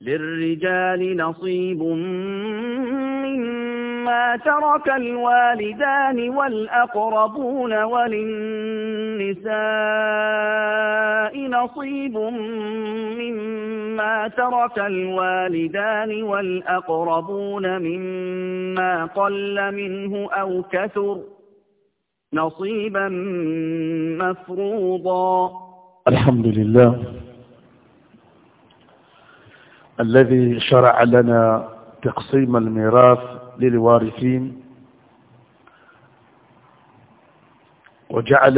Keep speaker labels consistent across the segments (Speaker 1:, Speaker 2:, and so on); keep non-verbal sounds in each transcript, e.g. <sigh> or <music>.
Speaker 1: للرجال نصيب مما ترك الوالدان والأقربون وللنساء نصيب مما ترك الوالدان والأقربون مما قل منه أو كثر نصيبا مفروضا الحمد لله الذي شرع لنا تقسيم الميراث للوارثين وجعل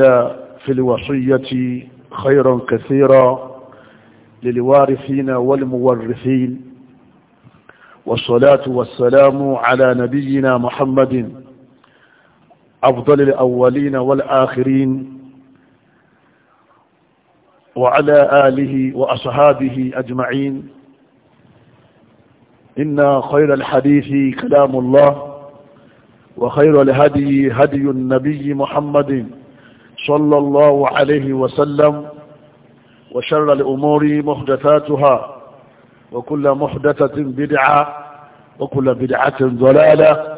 Speaker 1: في الوصية خيرا كثيرا للوارثين والمورثين والصلاة والسلام على نبينا محمد أفضل الأولين والآخرين وعلى آله وأصحابه أجمعين إن خير الحديث كلام الله وخير الهدي هدي النبي محمد صلى الله عليه وسلم وشر الأمور محدثاتها وكل محدثة بدعة وكل بدعة ضلالة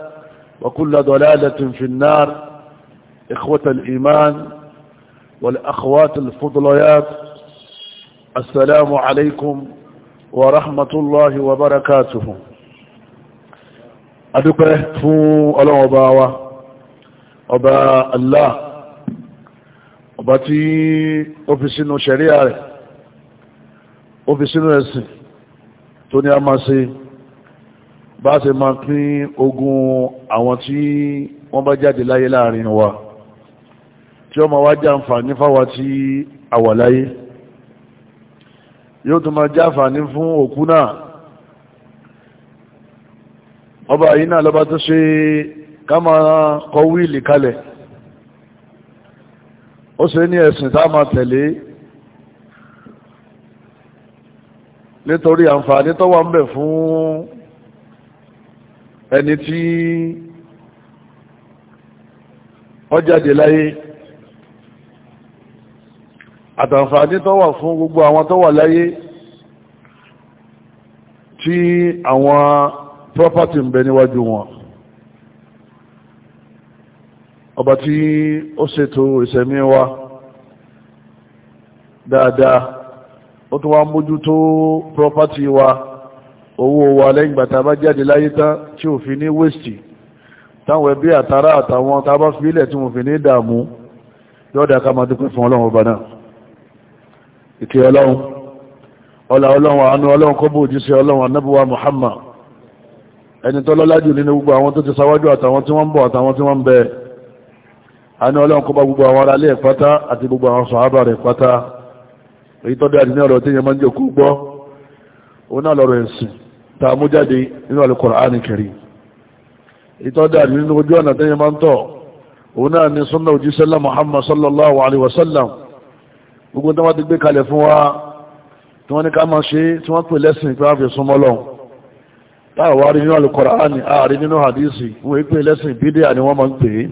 Speaker 1: وكل ضلالة في النار إخوة الإيمان والأخوات الفضليات السلام عليكم ورحمة الله وبركاته adúpẹ́ fún ọlọ́run ọba أبا الله أبا ọba tí ó fi sínú ṣẹ̀ríà rẹ̀ ó fi sínú ẹ̀sìn tó ní a máa ṣe bá ṣe máa pín ogun àwọn tí wọ́n bá jáde láyé láàrin wa tí ó máa wá jàǹfà nífàwà tí a wà láyé yóò tún máa jáfàní fún òkú náà ọba yìí náà lọ́ba tó ṣe ká máa kọ wíìlì kalẹ̀ ó ṣe ní ẹ̀sìn tá a máa tẹ̀lé nítorí àǹfààní tó wà ń bẹ fún ẹni tí ó jáde láyé àtàǹfààní tó wà fún gbogbo àwọn tó wà láyé tí àwọn property ń bẹ níwájú wọn ọba tí ó ṣètò ìṣẹ̀mí wa dáadáa ó tún wá mójútó property wa owó wa lẹ́yìn gbàtà bá jáde láyé tán tí ò fi ní waste táwọn ẹbí àtàrà àtàwọn tá bá fi ilẹ̀ tí mo fi ní dààmú yọ́ọ̀dà ká máa dúpẹ́ fún ọlọ́run ọba náà ìkẹ́ ọlọ́run ọlá ọlọ́run àánú ọlọ́run kó bó òjíṣẹ́ ọlọ́run anábíwá Muhammad ẹni tó lọ́lá jù nínú gbogbo àwọn tó ti sáwájú àtàwọn tí wọ́n ń bọ̀ àtàwọn tí wọ́n ń bẹ àánú ọlọ́run kó bá gbogbo àwọn aráalé ẹ̀ pátá àti gbogbo àwọn sàhábà rẹ̀ pátá èyí tó dáa ní ọ̀rọ̀ tí yẹn máa ń jòkó gbọ́ òun náà lọ́rọ̀ ẹ̀sìn tá a mú jáde nínú Al-Qur'ani Karim èyí tó dáa nínú ojú ọ̀nà tí máa ń tọ̀ òun náà ni sunnah òjíṣẹ́ Muhammad sallallahu alaihi wasallam gbogbo tó wá ti gbé kalẹ̀ fún wa tí wọ́n ní ká máa ṣe tí wọ́n pè lẹ́sìn pé wọ́n fi súnmọ́ lọ́hùn táà rí nínú Al-Qur'ani ààrí nínú hadisi wọ́n pè lẹ́sìn bídíà ni wọ́n máa ń pè é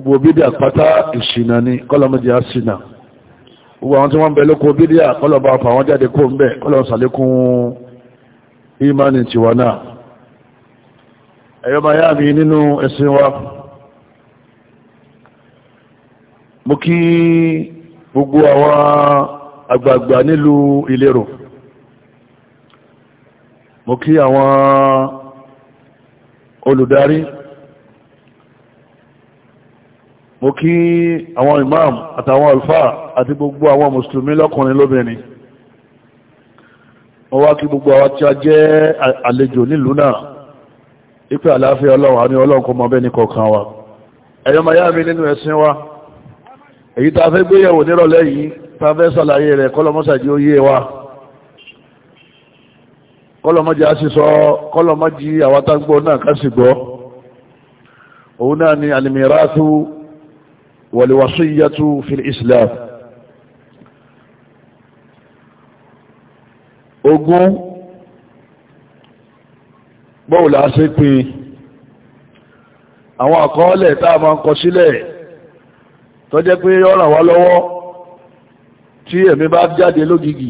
Speaker 1: gbogbo bídíà pátá ìṣìnà ni kọ́lọ́mọdé á ṣìnà gbogbo àwọn tí wọ́n ń bẹ lóko bídíà kọ́lọ́ba fà wọ́n jáde kó ń bẹ̀ kọ́lọ́ sàlékún ìmánì tiwa gbogbo àwọn àgbààgbà nílùú ìlérò mo kí àwọn olùdarí mo kí àwọn imam àtàwọn alfa àti gbogbo àwọn mùsùlùmí lọ́kùnrin lóbìnrin mo wá kí gbogbo àwọn tí a jẹ́ àlejò nílùú náà ipẹ́ àlàáfíà ọlọ́run àní ọlọ́run kó mọ kọ̀ọ̀kan wa ẹ̀yọ́ mayami nínú ẹ̀sìn wa èyí tá a fẹ́ gbéyẹ̀wò nírọ̀lẹ́ yìí tá a fẹ́ sàlàyé rẹ̀ kọ́lọ́mọ́sàdí ó yé wa kọ́lọ́mọ́jì á sì sọ kọ́lọ́mọ́jì àwọn tágbó náà ká sì gbọ́ òun náà ni alìmíràtú wàlíwàsíyàtú fil islam ogún bọ́ọ̀lù á sì pin àwọn àkọọ́lẹ̀ tá a máa ń kọ sílẹ̀ tó jẹ́ pé ó ràn wá lọ́wọ́ tí ẹ̀mí bá jáde lógìgì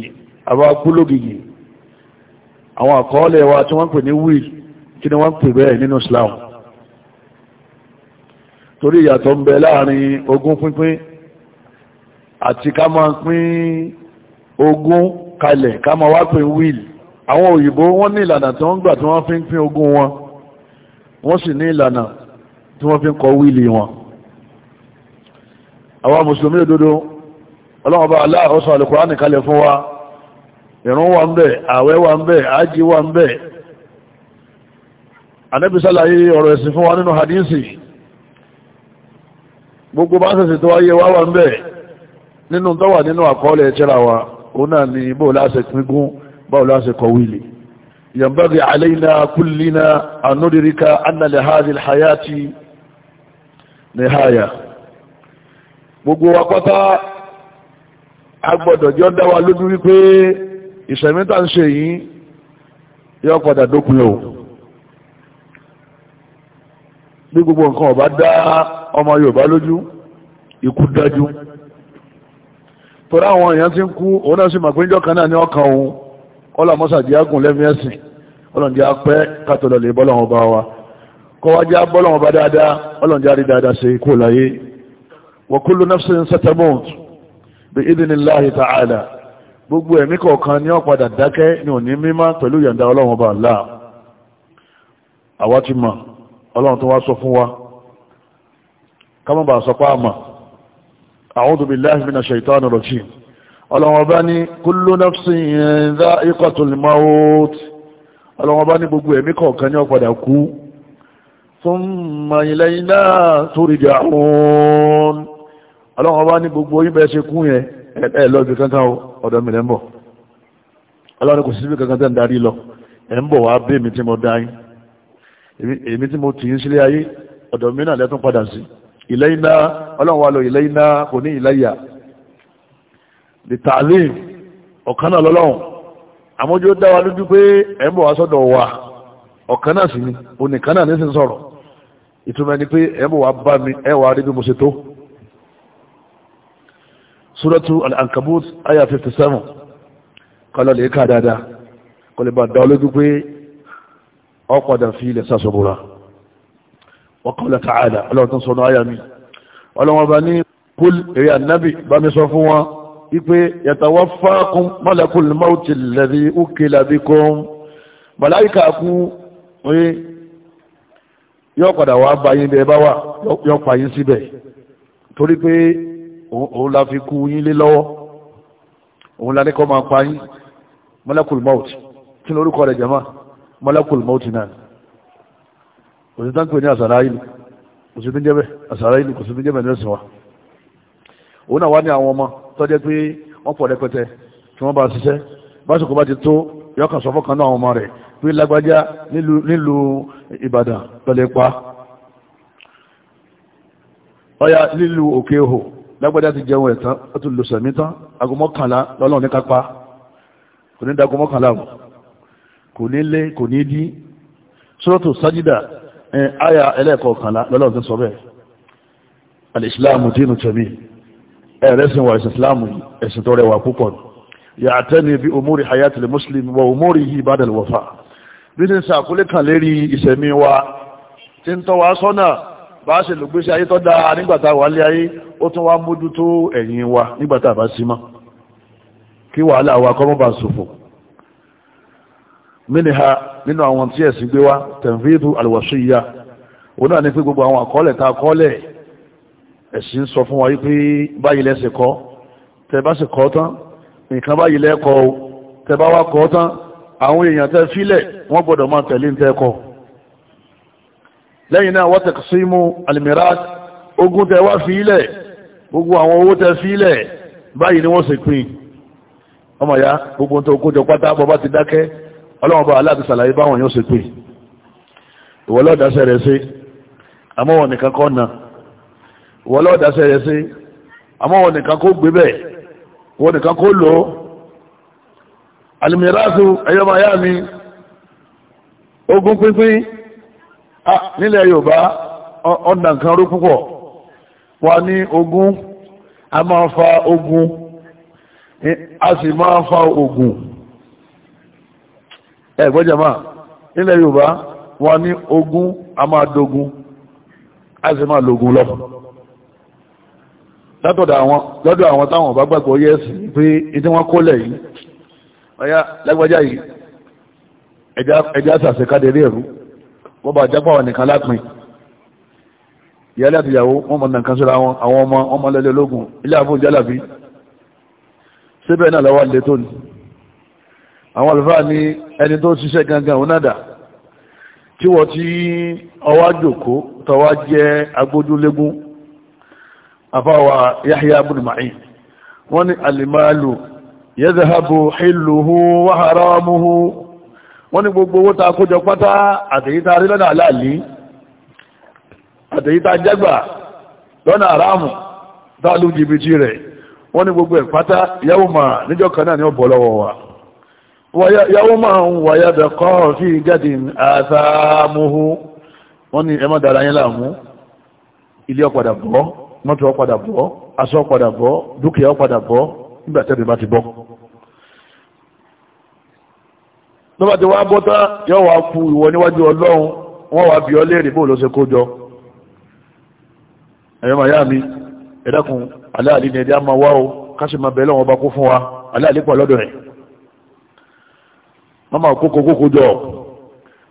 Speaker 1: àwọn akú lógìgì àwọn àkọọ́lẹ̀ wa tí wọ́n pè ní wíl kí ni wọ́n pè bẹ́ẹ̀ nínú Islam torí ìyàtọ̀ ń bẹ láàrin ogún pínpín àti ká máa pín ogún kalẹ̀ ká máa wá pín wíl àwọn òyìnbó wọ́n ní ìlànà tí wọ́n gbà tí wọ́n fi ń pín ogún wọn wọ́n sì ní ìlànà tí wọ́n fi ń kọ wíìlì wọn àwọn mùsùlùmí òdodo ọlọ́wọ́ba aláàrọ́sọ alùkùránì kalẹ̀ fún wa ìrun wà ń bẹ àwẹ̀ wà ń bẹ ájí wà ń bẹ Ànábì ṣàlàyé ọ̀rọ̀ ẹ̀sìn fún wa nínú hadisi gbogbo bá sẹ̀sẹ̀ tó wáyé wá wà ń bẹ nínú tó wà nínú àkọọ́lẹ̀ ẹ̀tẹ́ra wa ó náà ni bóò láṣẹ pínkún báwo láṣẹ kọwílì yambaghi alaina gbogbo wa pátá agbọ́dọ̀ jọ dá wa lójú wípé ìṣẹ̀mí tá ń ṣe yìí yọ padà dópin o bí gbogbo nǹkan ọba dá ọmọ Yorùbá lójú ikú dájú torí àwọn èèyàn ti ń kú òun náà sì màpéjọ kan náà ní ọkàn òun ọlọmọsà jẹ àgùn lẹmí ẹsìn ọlọ́njẹ apẹ kátó lọlẹ wa kọwájá bọlọmọba dáadáa ọlọ́njẹ àrí ṣe kó láyé وكل nafsi ń sẹ́tẹ̀mọ́t bí ìdíni láàyè tààlà gbogbo ẹ̀mí kọ̀ọ̀kan ní ọ̀padà dákẹ́ ní òní mímá pẹ̀lú yọ̀ǹda ọlọ́run ọba Allah àwa ti mọ̀ ọlọ́run tó wá sọ fún wa kámọ́bà sọ páàmà a'udhu billahi minash shaitanir ọlọ́run ọba ní ọlọ́run ọba ní gbogbo yín bẹ́ẹ̀ ṣe kún yẹn ẹ lọ ibi kankan ọ̀dọ̀ mi lẹ́ ń bọ̀ ọlọ́run kò sí ibi kankan tẹ́ ń darí lọ ẹ̀ tí mo dá yín tí mo tì sílé ayé ọ̀dọ̀ mi náà lẹ́tún padà sí ilẹ̀ iná ọlọ́run lọ ilẹ̀ iná kò ní ilẹ̀ ọ̀kan náà lọ́lọ́run àmójú dá wa lójú pé ẹ̀ ń bọ̀ wá sọ́dọ̀ wa ọ̀kan náà sì ni onìkan náà ní sọ̀rọ̀ ìtumọ̀ pé suratu al-ankabut aya 57 kọlọ lè ká dáadáa kò lè bá dá olójú pé ọ̀pọ̀dà fi ilẹ̀ sásọ̀bùra wọ́kọ̀lá ta'ala ọlọ́run tó ń sọ́nà aya mi ọlọ́run ọba ní kúl èrè ànábì bá mi sọ fún wọn wípé yatawaffakum malakul mawti òun la fi kú yín lé lọ́wọ́ òun la ní kọ́ máa pa yín molecule mouth kí ni orúkọ rẹ̀ jẹ́mọ́ malakul mọ́ọ̀tì náà òsì tán pè ní àsàrà ìlú òsì tó ń àsàrà ìlú kò sí wa òun náà wá ní àwọn ọmọ tó jẹ́ pé wọ́n ti tó yọkàn sọ fọ́kàn náà àwọn ọmọ rẹ̀ pé lágbájá nílùú Ìbàdàn ọya nílùú òkè lágbàdá ti jẹun ẹ̀tán ó ti lò sẹ̀mí tán aago mọ́kànlá lọ́lọ́run ní kápá kò ní dago mọ́kànlá mọ́ kò ní lé kò ní dí sọ́rọ́tò sájídà àyà ẹlẹ́ẹ̀kọ̀ọ̀kànlá lọ́lọ́run ti sọ bẹ́ẹ̀ alìsíláàmù dínú tẹ̀mí ẹ̀rẹ́sìn wà ẹ̀sìn isláàmù ẹ̀sìn tó rẹwà púpọ̀ yàtẹ́ni bí omúri hayati lè mùsùlùmí wọ omúri yìí bá dẹ̀lẹ̀ wọ̀fà bí ní sàkúlé kan lérí ìṣẹ̀mí wa ti ń tọ́ wa sọ́nà bá ṣe lògbésí ayé tó dáa nígbàtà wà lé ayé ó tún wá mójútó ẹ̀yìn wa nígbàtà bá sí mọ́ kí wàhálà wa kọ́ mọ́bà ṣòfò mínìha nínú àwọn tí ẹ̀sìn gbé wá tẹ̀fíìdù alwasiyya òun náà ní pé gbogbo àwọn àkọọ́lẹ̀ tá kọ́lẹ̀ ẹ̀sìn sọ fún wa yí pé báyìí lẹ́sẹ̀ kọ́ lẹ́yìn náà wọ́n taqsimu al-miras ogún tẹ wá fílẹ̀ gbogbo àwọn owó tẹ fílẹ̀ báyìí ni wọ́n sì pín ọmọ ya gbogbo tó kójọ pátá bọ́ bá ti dákẹ́ ọlọ́wọ́n bá aláàbí sàlàyé báwọn yóò ṣe pín ìwọ́lọ́dásẹ̀ rẹ̀ sí àmọ́wọ̀n nìkan kọ́ na ìwọ́lọ́dásẹ̀ rẹ̀ sí àmọ́wọ̀n nìkan kó gbé bẹ́ẹ̀ wọ́n nìkan kó lò ó alìmìíràsù ẹ̀yọ́mọ̀ ayá mi ogún pínpín nílẹ̀ Yorùbá ọ̀nà kan rú púpọ̀ wà ní ogun a máa fa ogun a sì máa fa ogun ẹ̀gbọ́jàmá nílẹ̀ Yorùbá wà ní ogun a máa dogun a sì máa lògùn lọ látọ̀dọ̀ àwọn lọ́dọ̀ àwọn táwọn bá gbàgbọ́ yẹ́ sí pé ìdí wọn kólẹ̀ yìí ọ̀yá lágbàjá yìí ẹjá sàṣẹ́kádẹ́rẹ́ ẹ̀rú wọ́n bá jápá wà nìkan lápin ìyálé àti ìyàwó wọ́n mọ̀ nǹkan síra wọn àwọn ọmọ ọmọ lẹ́lẹ́ ológun ilé àfún jálàbí síbẹ̀ náà lọ́wọ́ lè tó ní àwọn àlùfáà ní ẹni tó ṣiṣẹ́ gangan onádà tí wọ́n ti ọwá jòkó tọwá hilluhu wa haramuhu wọ́n ní gbogbo owó ta kójọ pátá àtẹ̀yíta rí lọ́nà aláàlí àtẹ̀yíta jẹ́gbà lọ́nà àráàmù tààlù jìbìtì rẹ̀ wọ́n ní gbogbo ẹ̀ pátá yàwó ma níjọ́ kanáà ni lọ́wọ́
Speaker 2: wa yàwó ń wáyà bẹ̀ kọ́
Speaker 1: sí wọ́n ní ẹ lọ́ba tí wọ́n á bọ́ tán yóò wá fu ìwọ níwájú ọlọ́run wọ́n wá bí ọ léèrè bó ló ṣe kó jọ ẹ̀yọ́ màyá mi ẹ̀dẹ́kun aláàlí ni ẹ̀dẹ́ á máa wá o ká sì máa bẹ̀rẹ̀ lọ́wọ́ bá kó fún wa aláàlí pọ̀ lọ́dọ̀ rẹ̀ wọ́n máa kókó kókó jọ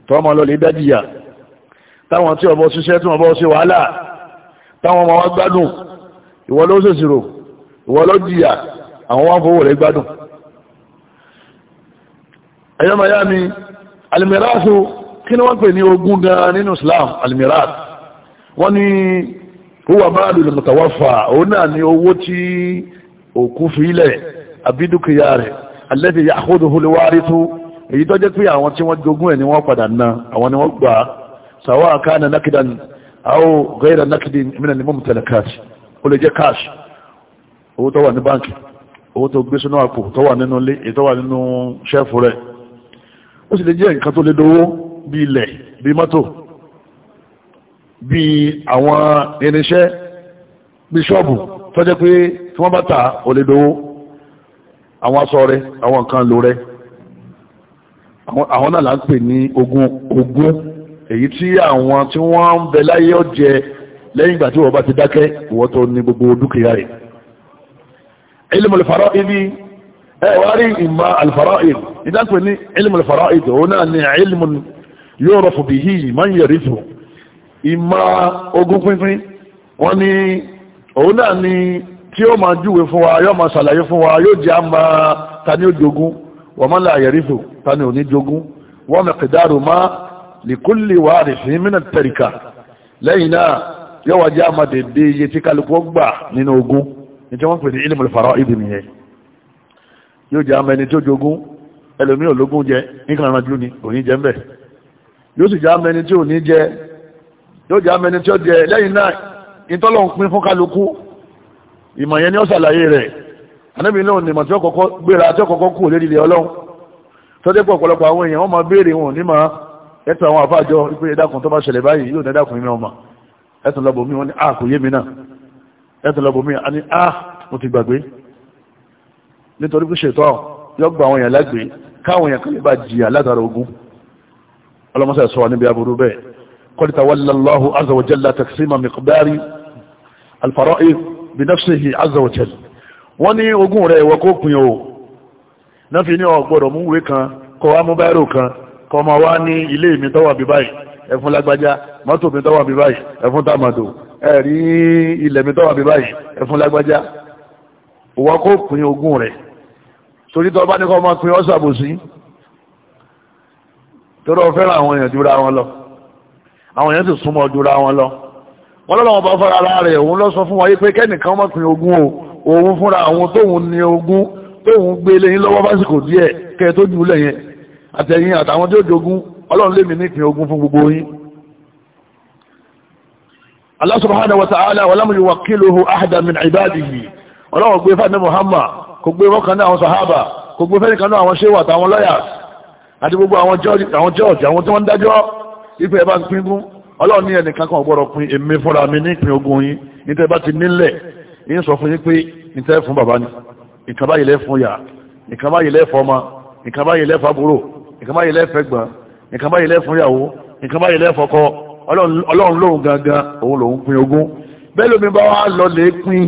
Speaker 1: tọ́ máa lọ lè dájìyà táwọn tí ọbọ̀ ṣiṣẹ́ tí wọ́n bọ́ ṣe wàhálà táwọn ọmọ wa gbádùn ìwọ ló ṣèṣirò ìwọ ló jìyà àwọn wá fowó rẹ̀ gbádùn ẹ̀yọ́ miami alimirasu kí ni wọ́n pè ní ogún gan nínú islam alimiras wọ́n ní huwa maadu limutawafa òun náà ni owó tí òkú filẹ̀ abidukiya rẹ̀ alẹ́dẹ̀ yahudu huliwari tó èyí tó jẹ́ pé àwọn tí wọ́n jogún ẹ̀ ni wọ́n padà ná àwọn ni wọ́n gbà sàwọn àkáàna nákìdánì أو غير النقد من الممتلكات ó lè jẹ́ cash owó tó wà ní báńkì owó tó gbé sínú àpò tó wà nínú ilé tó wà nínú ṣẹ́fù rẹ̀ ó sì lè jẹ́ nǹkan tó lè dowó bí ilẹ̀ bí mọ́tò bí àwọn irinṣẹ́ bí ṣọ́ọ̀bù tó jẹ́ pé tí wọ́n bá tà ó lè dowó àwọn aṣọ rẹ àwọn nǹkan lò rẹ àwọn náà là ń pè ní ogún ogún èyí tí àwọn tí wọ́n ń bẹ láyé ọ̀jẹ̀ lẹ́yìn ìgbà tí wọ́n bá ti dákẹ́ ìwọ́n tó ní gbogbo dúkìá rẹ̀ ilmul fara'id ibi ẹ̀ ìmọ̀ al-fara'id ìdápẹ́ ní ilmù fara ìdò ó náà ní ilmù yóò rọ̀fù bí i máa ń yẹ̀rí fún ìmá ogún pínpín wọ́n ní òun náà ní tí ó máa júwe fún wa yóò máa ṣàlàyé fún wa yóò jẹ́ àmà ta ní ó jogún wọ́n máa láyẹ̀rí fún ta ní òní jogún wọ́n mẹ́ kìdáàrù má lìkúlì wà rẹ̀ sí mínà tẹ̀ríkà lẹ́yìn náà yóò wá jẹ́ àmà dèdè iye tí kálukú gbà nínú ogún ní tí wọ́n pè ní ilmù fara ìdò nìyẹn yóò jẹ́ àmà ẹni tó jogún ẹlòmí ológun jẹ nǹkan aránjú ni òní jẹ mbẹ yóò sì já mẹni tí ò ní jẹ yóò já mẹni tí ó jẹ lẹ́yìn náà ìtọ́lọ̀ ń pín fún kálukú ìmọ̀ yẹn ni ó ṣàlàyé rẹ̀ anábì náà ni màtí ọkọ̀ọ̀kọ́ gbéra tí ọkọ̀ọ̀kọ́ kù lérí ilẹ̀ ọlọ́run tọ́jú pọ̀ ọ̀pọ̀lọpọ̀ àwọn èèyàn wọn máa béèrè wọn ní máa ẹ̀tọ́ àwọn àfáàjọ ìpè ẹ̀dàkùn tó bá ṣẹlẹ̀ báyìí yóò dẹ́dàkùn mi ọmọ ẹ̀tọ́ lọ́bọ̀ mi wọn ni a ah, kò yé mi náà ẹ̀tọ́ lọ́bọ̀ mi a ni a ah, mo ti gbàgbé nítorí pé ṣètò yọ àwọn èèyàn lágbèé káwọn èèyàn kan lè bá jìyà látara ogun ọlọ́mọsá sọ wa níbi aburú bẹ́ẹ̀ kọ́lítà wàlláhu azawajalla taksima miqdari alfara'i binafsihi azawajal wọ́n ní ogun rẹ̀ ìwọ kó pin o náà fi ní ọgbọ́dọ̀ mú ìwé kan kọ́ wa mú báírò kan kọ́ ma wá ní ilé mi tọ́wà bí báyìí ẹ̀fún lágbájá mọ́tò mi tọ́wà bí báyìí ẹ̀fún tàmàdò ẹ̀rí ilẹ̀ mi tọ́wà bí báyìí ẹ̀fún lágbájá ìwọ kó pin ogun rẹ̀ torí tọ́ bá ní kọ́ máa pin ọ́ sàbòsí torí ọ fẹ́ràn àwọn èèyàn jura wọn lọ àwọn èèyàn sì súnmọ́ jura wọn lọ wọ́n lọ́wọ́ bá fara ara rẹ̀ òun lọ sọ fún wa yí pé kẹ́nìkan máa pin ogún o òun fúnra àwọn tóun ní ogún tóun gbé lẹ́yìn lọ́wọ́ básìkò díẹ̀ kẹ́ tó jù lẹ́yìn àtẹ̀yìn àtàwọn tí ó jogún ọlọ́run lèmi ní ìpín ogún fún gbogbo yín Allah subhanahu wa ta'ala wa lam yuwakkiluhu ahadan min ibadihi ọlọ́run gbé fáwọn Muhammad kò gbé mọ́kàn náà àwọn sàhábà kò gbé fẹ́ nìkan náà àwọn ṣéwà àtàwọn lọ́yà àti gbogbo àwọn jọ́ọ̀jì àwọn tí wọ́n ń dájọ́ ìpè ẹ̀bá pín gún ọlọ́run ní ẹnìkan kan gbọ́dọ̀ pín èmi fúnra mi ní ìpín ogun yín níta bá ti nílẹ̀ yín sọ fún yín pé níta fún bàbá ni nǹkan báyìí lẹ́fún yà nǹkan báyìí lẹ́fọ́ ọmọ nǹkan báyìí lẹ́fọ́ àbúrò nǹkan báyìí lẹ́fẹ́ gbà nǹkan báyìí lẹ́fún yàwó nǹkan báyìí lẹ́fọ́kọ ọlọ́run lóhun gangan òun lòun pín ogun bẹ́ẹ̀ lómi bá wà lọ lè pín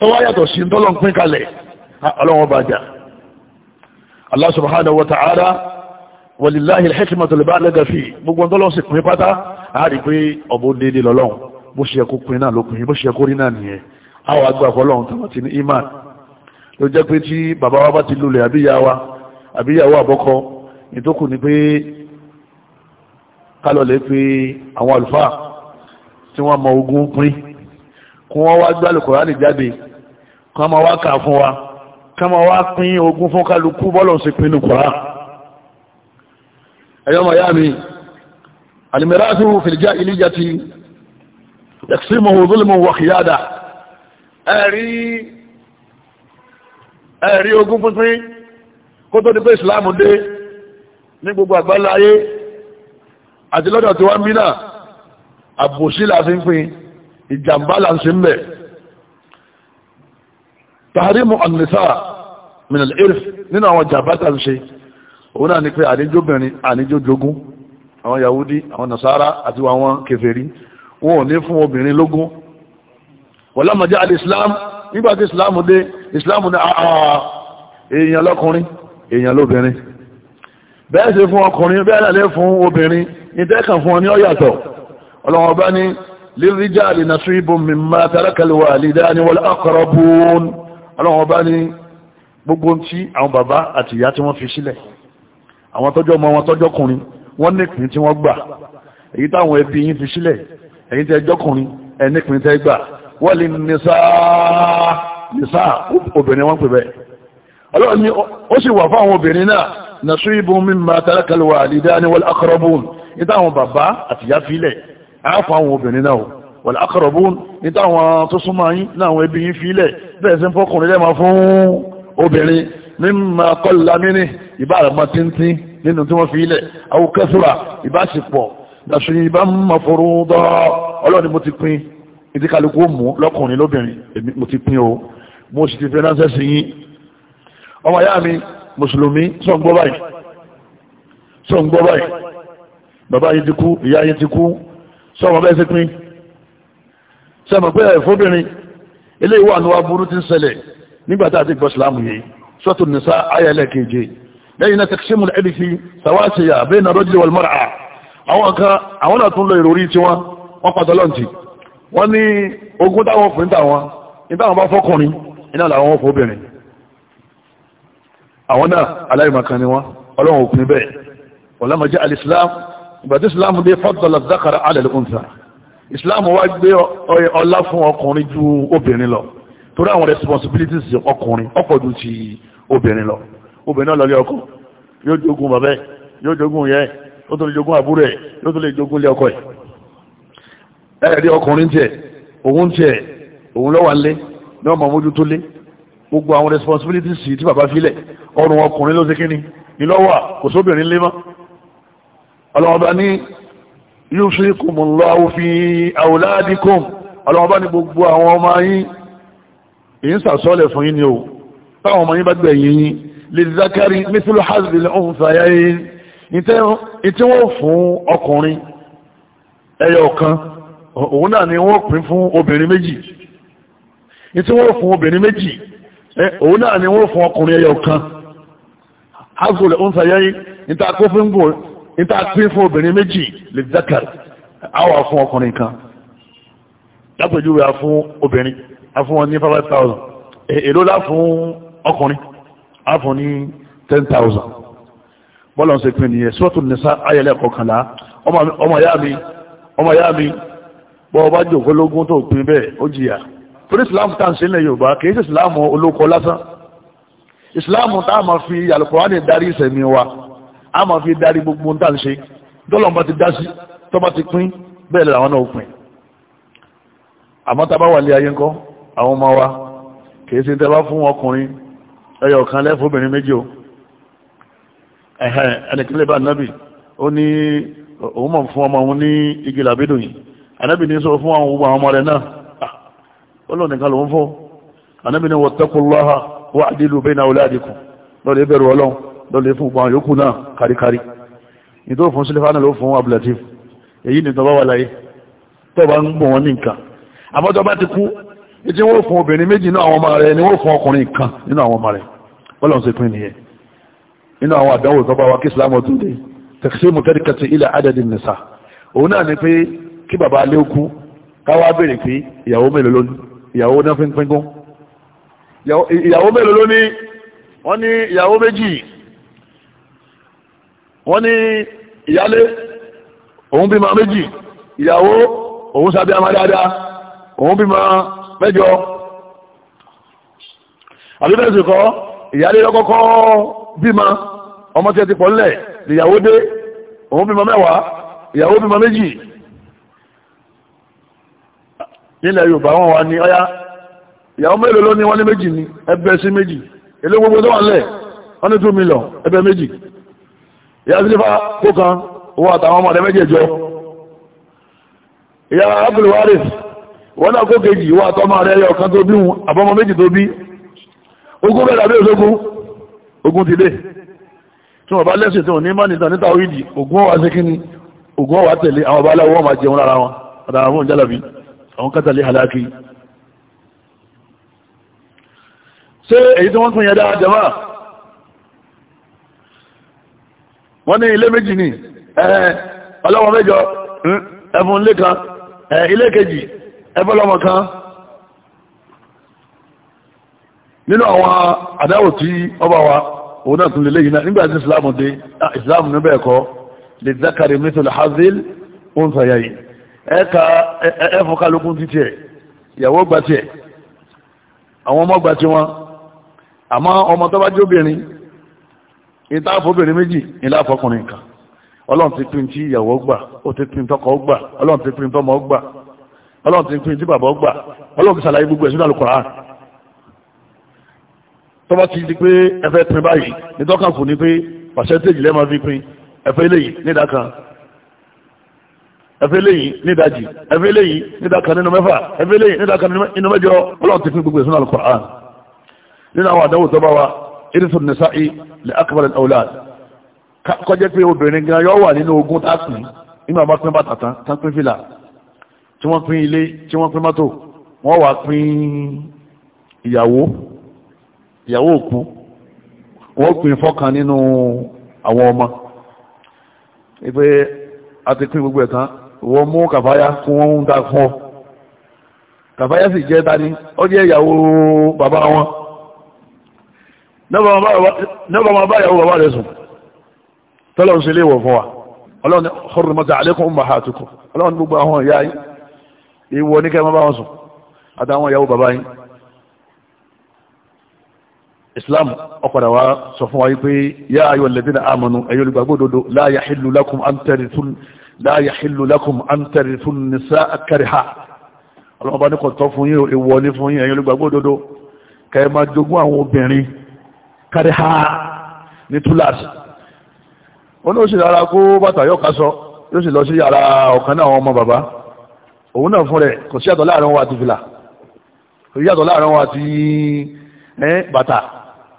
Speaker 1: tó yàtọ̀ sí tọ́lọ́ pín kalẹ̀ ọlọ́wọ́ bá jà Allah subhanahu wa ta'ala walillahi al-hikmatu al-baligha fi gbogbo ọdọ́lọ́ sí pín pátá àárí pé ọ̀bọ̀ dédé lọ́lọ́run bó ṣe kó pín náà ló pín bó ṣe kó rí náà nìyẹn àwọn àgbà fọlọ́run tó ti ní iman ló jẹ́ pé tí bàbá wa bá ti lulẹ̀ àbíyáwa àbíyáwó àbọ́kọ ìtókù ni pé kálọ̀lẹ̀ pé àwọn àlùfáà tí wọ́n mọ ogun pín kí wọ́n wá gbálùkọ̀rá jáde kí wọ́n wá kà fún wa kama wá pín ogun fún kálukú bọ́lọ̀ sí pinnu kùrá ẹ̀yọ́ miami alìmìrájú fìlìjá ìlíjà ti yàksímọ̀ òzúlùmọ̀ wàkìyàdà ẹ̀rí ogun pínpín kó tó di pé ìsìláàmù dé ní gbogbo àgbálá ayé ìjàmbá là ń ṣe ń bẹ̀rẹ̀ tàrímù ọ̀nìsá min al-irth nínú àwọn jàbátà ń ṣe òun náà ni pé àníjóbìnrin àníjójogún àwọn yahudi àwọn nasara àti àwọn kèfèrí wọn ò ní fún obìnrin lógún wọ́lámọ̀já alìsílámù nígbàtí ìsìlámù dé ìsìlámù ní ah, ah, èèyàn lọ́kùnrin èèyàn lóbìnrin bẹ́ẹ̀ sí fún ọkùnrin bẹ́ẹ̀ lálẹ́ fún obìnrin ní tẹ́kàn fún ọ ní ọ̀yàtọ̀ ọlọ́wọ́n bá ní lílíjà àlìnà sí ibùn mímọ́ tàrákàlùwà àlìdá ni bùn ọlọ́run ọba ní gbogbo tí àwọn bàbá àti ìyá tí wọ́n fi sílẹ̀ àwọn tọ́jọ́ ọmọ wọn tọ́jọ́ kùnrin wọ́n nípìn tí wọ́n gbà èyí táwọn ẹbí yín fi sílẹ̀ èyí tẹ́ jọ́kùnrin ẹnìpìn tẹ́ gbà wọ́n lè nìsá nìsá obìnrin wọn pè bẹ́ẹ̀ ọlọ́run ní ó sì wà fáwọn obìnrin náà nasibu mimma tarakal walidani wal aqrabun wal aqrabun ní táwọn tó súnmọ́ yín láwọn ẹbí yín fílẹ̀ bẹ́ẹ̀ sí fọ́kùnrin lẹ́mọ fún obìnrin mímọ qalla minhu ìbáàmọ́ tíntín nínú tí wọ́n fílẹ̀ aw kathura ìbáṣepọ̀ nasiban mafruda ọlọ́ni mo ti pin ìdíkàlùkù mú lọ́kùnrin lóbìnrin mo ti pin o mo sì ti fi ránṣẹ́ sí báyìí bàbá yìí ti kú ìyá yìí ti kú sọ́ọ̀mọ́ bẹ́ẹ̀ sí pin sẹ́mọ̀ pé ẹ̀fọ́bìnrin ilé ìwà àwọn aburú ti ń ṣẹlẹ̀ nígbàtà àti gbọ́sùlámù yìí sọ́tù nìsá ayẹlẹ̀ keje lẹ́yìn náà tẹ̀kṣímù ẹ̀dì fi sàwáṣìyà bẹ́ẹ̀ na rọ́jì wal mar'a àwọn kan àwọn náà tún lọ ìròrí tí wọ́n wọ́n pàtàlọ́ǹtì wọ́n ní ogún táwọn fún táwọn ìtàwọn bá fọ́kùnrin iná làwọn fóbìnrin àwọn náà aláìmọ̀kan ni wọ́n ọlọ́run òkùnrin bẹ́ẹ̀ ọ̀làmọ̀jẹ́ alìsílám ìgbàdí islam wá gbé ọlá fún ọkùnrin ju obìnrin lọ torí àwọn responsibilities ọkùnrin ọ̀pọ̀ ju ti obìnrin lọ obìnrin náà lọ lé ọkọ yóò jogun bàbá ẹ yóò jogun yẹ ó tó lè jogun àbúrò ẹ yóò tó lè jogun lé ọkọ ẹ ẹ rí ọkùnrin tiẹ̀ òun tiẹ̀ òun ló wà lé ní ọmọ mójú tó lé gbogbo àwọn responsibilities tí bàbá filẹ̀ ọrùn ọkùnrin ló ṣe kíni ni ló wà kò sóbìnrin lé mọ́ ọlọ́wọ́ba ní yushrikumullahu fi awladikum ọlọ́wọ́ bá ní gbogbo àwọn ọmọ yín èyí ń sàsọ́lẹ̀ fún yín ni o táwọn ọmọ yín bá gbẹ̀yìn yín lè zákàrí mithlu hazil ọ̀hún sàyáyé ìtí wọ́n fún ọkùnrin ẹyọ kan òun náà ni wọ́n pín fún obìnrin méjì ìtí wọ́n fún obìnrin méjì òun náà ni wọ́n fún ọkùnrin ẹyọ kan hazil ọ̀hún ìtàkó fún gbòòrò níta pín fún obìnrin méjì lè dákàrà àwọ̀ fún ọkùnrin kan lápèjúwe fún obìnrin a fún wọn ní five thousand èló lá fún ọkùnrin a fún ní ten thousand bọ́lá ń ṣe pín nìyẹn sọ́tún nìsa ayẹlẹ́ kọkànlá ọmọ ìyá mi ọmọ ìyá mi bọ́ ọba jòkó lógún tó pín bẹ́ẹ̀ ó jìyà torí islam tá à ń yorùbá kì í islam olóko lásán islam tá máa fi alukóhánì darí ìsẹ̀mí wa a máa fi darí gbogbo nǹkan ṣe dọ́là bá ti dá sí tó bá ti pín bẹ́ẹ̀ làwọn náà pín àmọ́ tá a bá wà lé ayé ńkọ́ àwọn ọmọ wa kìí ṣe tẹ́lá fún ọkùnrin ẹyọ kan lẹ́fún obìnrin méjì o ẹ̀hẹ̀n ẹnìkílẹ̀ bá nábì ó ní òun mọ̀ fún ọmọ òun ní igi làbídò yìí anábì ní sọ fún àwọn ọmọ rẹ̀ náà ó lò nìkan lòun fún anábì ní wattaqullaha wa'dilu bayna awladikum lọ́dẹ̀ bẹ̀rù ọlọ́run lọ́lẹ̀ fún gbọ́n yókù náà káríkárí ní tó fún sílẹ̀fà náà ló fún abúlatif èyí nìkan bá wà láyé tó bá ń gbọ́n wọn ní nǹkan àmọ́jọ́ bá ti kú tí wọ́n fún obìnrin méjì nínú àwọn ọmọ ni wọ́n fún ọkùnrin kan nínú àwọn ọmọ rẹ̀ wọ́n lọ́n ṣe pín nìyẹn nínú àwọn àdánwò tó bá wa kí islam ọdún dé tẹ̀síìmù tẹ́ríkẹtì ìyàwó mélòó lónìí ìyàwó wọ́n ní ìyàwó méjì wọ́n ní ìyálé òun bímọ méjì ìyàwó òun sábẹ́ àmà dáadáa òun bímọ mẹ́jọ àbíbẹ̀sì kọ́ ìyálé lọ́kọ́kọ́ bímọ ọmọ tí ẹ ti pọ̀ ńlẹ̀ ìyàwó dé òun bímọ mẹ́wàá ìyàwó bímọ méjì nílẹ̀ Yorùbá wọn wà ní ọyá ìyàwó mélòó ló ní wọ́n ní méjì ní ẹgbẹ́ sí méjì èlé tó wà ńlẹ̀ wọ́n ní 2 million ẹgbẹ́ méjì ìyá sílífà kó kan owó àtàwọn ọmọdé méjèèjọ ìyá abdulwaris wọ́n náà kó kejì ìwọ àtọ́mọ rẹ̀ yọ kan tó bí wọn àbọ́mọ méjì tó bí ogún bẹ̀rẹ̀ àbí òṣogun ogún ti dé tí wọ́n bá lẹ́sìn tí wọ́n ní mánìtà níta orídì ogún ọwà síkíní ogún ọwà tẹ̀lé àwọn ọba aláwọ̀ máa jẹun lára wọn àtàrà àwọn jálàbí àwọn kátàlé halaki ṣé èyí tí wọ́n tún yẹ dáa wọ́n ní ilé méjì ní ọlọ́wọ́ mẹ́jọ hm, ẹ̀fún ilé kan ilé kejì ẹbọ́lọ́mọ kan nínú àwọn àdáwò tí ọba wa òun náà tún lè léyìn náà nígbàtí islam dé islam níbẹ̀ ẹ̀kọ́ lè zákàrí mẹ́tòlá hazil oun sàyàyì ẹ̀ka ẹ̀fún kálukún títí ẹ̀ ìyàwó gbàtí ẹ̀ àwọn ọmọ gbàtí wọn àmọ́ ọmọ tó bá jóbìnrin ìtàfóbìnrin méjì ìlàfọkùnrin kan ọlọ́run ti pín tí ìyàwó gbà ó ti pín tọkọ gbà ọlọ́run ti pín tọmọ gbà ọlọ́run ti pín tí bàbá gbà ọlọ́run ti sàlàyé gbogbo ẹ̀sùn àlùkùrá tó bá ti di pé ẹfẹ́ pín báyìí nítọ́kàn kù ní pé pàṣẹ́ntéèjì lẹ́ẹ̀ máa fi pín ẹfẹ́ eléyìí nídà kan ẹfẹ́ eléyìí nídàjì ẹfẹ́ eléyìí nídà kan nínú mẹ́fà ẹfẹ́ eléyìí nídà kan nínú mẹ́jọ ọlọ́run ti pín gbogbo ẹ̀sùn àlùkùrá nínú àwọn àdánwò tó wa irisu nisa'i lè akbar al-awlad kọjẹ́ pé obìnrin gan yọ wà nínú ogún tásìn nígbà bá pín bàtà tán tán pín fìlà tí wọ́n pín ilé tí wọ́n pín mọ́tò wọ́n wà pín ìyàwó ìyàwó òkú wọ́n pín fọ́kàn nínú àwọn ọmọ ipé a ti pín gbogbo ẹ̀tán wọ́n mú kàfáyá fún wọn ń ta fún ọ kàfáyá sì jẹ́ tani ó jẹ́ ìyàwó nọ́bà ma báyàwó bàbá rẹ̀ sùn tọ́lọ̀ ń ṣe léwọ̀ fún wa ọlọ́run hurrimat alaykum ummahatukum ọlọ́run gbogbo àwọn ìyá yìí ìwọ ní kẹ́ má bá wọn sùn àtàwọn ìyàwó bàbá yìí islam ọ̀padà wa sọ fún wa yìí pé yá ayọ̀ lẹ́dínà amanu ẹ̀yọ́ olùgbàgbọ́ òdodo la yahillu lakum an tarithun kárí ha ní túláàsì ó ní ó sì rárá kó bàtà yóò kásọ yóò sì lọ sí yàrá ọ̀kan náà àwọn ọmọ bàbá òun náà fún rẹ̀ kò sí yàtọ̀ láàrin wọn àti fìlà kò sí yàtọ̀ láàrin wọn àti bàtà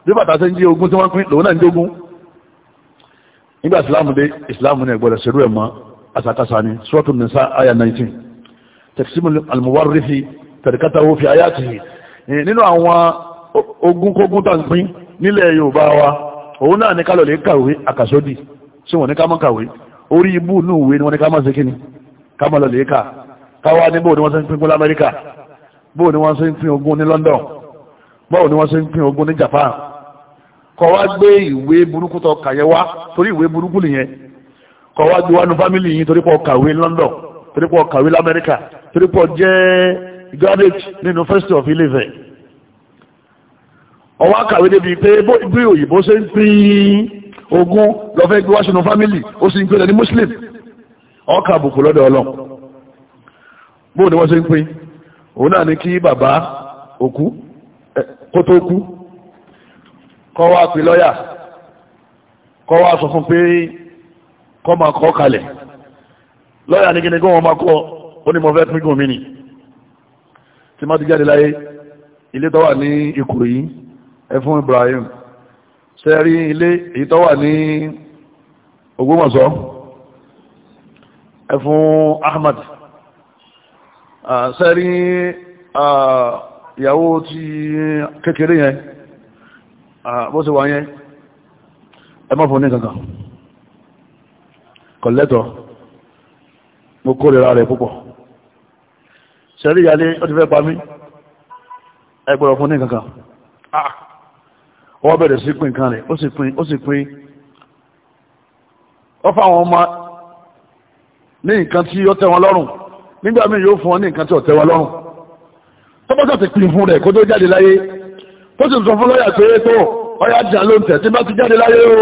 Speaker 1: bí bàtà ṣe ń jẹ́ ogún tí wọ́n pín lòun náà ń jogún nígbà ìsìláàmù dé ìsìláàmù ní ẹ̀gbọ́dọ̀ ṣerú ẹ̀ mọ́ asakasa ni suratul nisa aya 19 taqsimul almuwarrithi tarikatahu fi ayatihi nínú àwọn ogún kógún tàbí nílẹ̀ Yorùbá wa òun náà ní kálọ̀ kàwé àkàsódì sí wọn ní ká má kàwé orí ibú inú ìwé ni wọ́n ní ká má ṣe kíni ká má lọ lè kà káwá ní bóò ni wọ́n ṣe ń pín ogún lamẹ́ríkà bóò ni wọ́n ṣe ń pín ogún ní London bóò ni wọ́n ṣe ń pín ogún ní Japan kọ wá gbé ìwé burúkú tó kàyẹ wá torí ìwé burúkú nìyẹn kọ wá gbé wá nu fámìlì yìí torí pọ̀ kàwé London torí pọ̀ kàwé lamẹ́ríkà torí pọ̀ jẹ́ graduate ní University of eleven ọwọ́ àkàwé débi pé bí òyìnbó ṣe ń pín ogún lọ́fẹ́ gbé wá sínú fámìlì ó sì ń pín lẹ́ni muslim ọkà àbùkù lọ́dọ̀ ọlọ́ bó ni wọ́n ṣe ń pín òun náà ní kí bàbá òkú kó tó kú kọ́ wá pè lọ́yà kọ́ wá sọ fún pé kọ́ máa kọ́ kalẹ̀ lọ́yà ní kíni kí wọ́n máa kọ́ ó ní mo fẹ́ pín gùn mí ni tí má ti jáde láyé ilé tó wà ní Ìkòròyìn ẹ fún Ibrahim sẹ́rí ilé èyí tó wà ní Ògbómọ̀ṣọ́ ẹ fún Ahmad sẹ́rí ìyàwó ti kékeré yẹn bó ṣe wà yẹn ẹ ní kankan kọ̀lẹ́tọ̀ mo kórìíra rẹ̀ púpọ̀ sẹ́rí ìyálé ó ti fẹ́ pa mí ẹ fún ní kankan ah ọwọ́ bẹ̀rẹ̀ sí pín nǹkan rẹ̀ ó sì pín ó sì pín ó fáwọn ọmọ ní nǹkan tí ó tẹ́ wọn lọ́rùn nígbà míì yóò fún ọ ní nǹkan tí ó tẹ́ wọn lọ́rùn tọ́pọ́tọ̀ ti pín fún rẹ̀ kó tó jáde láyé tó sì sọ fún lọ́yà pé tó ọyá jà ló ń tẹ̀ tí bá ti jáde láyé o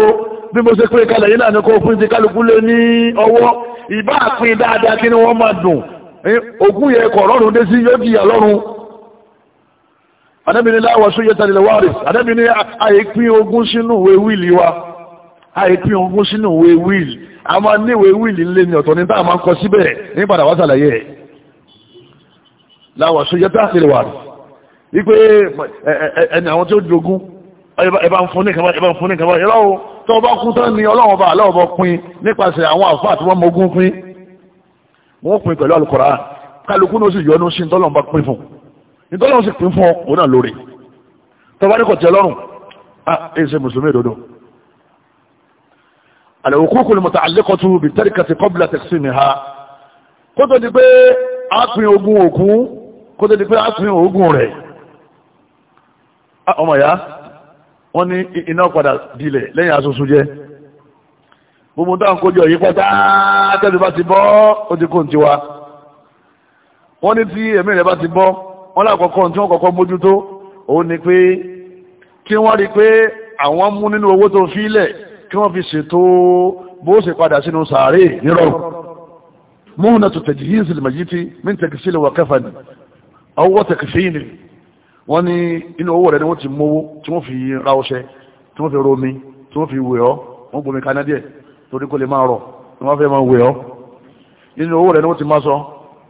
Speaker 1: bí mo ṣe pé kalẹ̀ yìí náà ni kó fún ti kálukú lé ní ọwọ́ ìbá àpín dáadáa kí ni wọ́n máa dùn ogún yẹ kọ̀ lọ́rùn anábì ní láwọ̀ sóyè tàbí lè wáàrì anábì àìpín ogún sínú ìwé wíìlì wa àìpín ogún sínú ìwé wíìlì a máa ní ìwé wíìlì ńlẹ̀ ní ọ̀tọ̀ ní tá a máa ń kọ síbẹ̀ ní padà wá sàlàyé ẹ̀ láwọ̀ sóyè tàbí lè wáàrì wípé ẹni àwọn tí ó jogún ẹ bá ń fún ní kẹfà ẹ bá ń fún ní kẹfà ẹ lọ́wọ́ tó bá kú tán ni ọlọ́wọ́ bá aláwọ̀ bá pín nípasẹ̀ àwọn àfáà tí wọ́n mọ ogún pín wọ́n pín pẹ̀lú àlùkùránì nítorí wọn sì pín fún ọ náà lórí tọ́bárí kò tẹ́ lọ́rùn ẹ ṣe mùsùlùmí ìdodo al-huquq al-muta'alliqatu bit-tarikati qabla taqsimiha kó tó di pé a pín ogún òkú kó tó di pé a pín ogún rẹ̀ ọmọ ya wọ́n ní iná padà dilẹ̀ lẹ́yìn asusun jẹ́ gbogbo dáhùn kójọ yìí pátá tẹ́lifá ti bọ́ ó ti kó ń tiwa wọ́n ní tí ẹ̀mí rẹ̀ bá ti bọ́ wọ́n lákọ̀ọ́kọ́ tí wọ́n kọ́kọ́ mójútó òun ni pé kí wọ́n rí pé àwọn mú nínú owó tó fílẹ̀ kí wọ́n fi ṣètò bó ṣe padà sínú sàárè nírọ̀rùn múhùnà tó tẹ̀jì yìí sí lèmọ̀jì tí mí tẹ̀kì sí wà kẹfà ní ọwọ́ tẹ̀kì sí ní wọ́n ní inú owó rẹ̀ ni wọ́n ti mówó tí wọ́n fi ra ọṣẹ tí wọ́n fi romi tí wọ́n fi wẹ̀ ọ́ wọ́n gbomi kaná díẹ̀ torí kò lè máa rọ̀ ni wọ́n fẹ́ máa wẹ̀ ọ́ inú owó rẹ̀ ni wọ́n ti máa sọ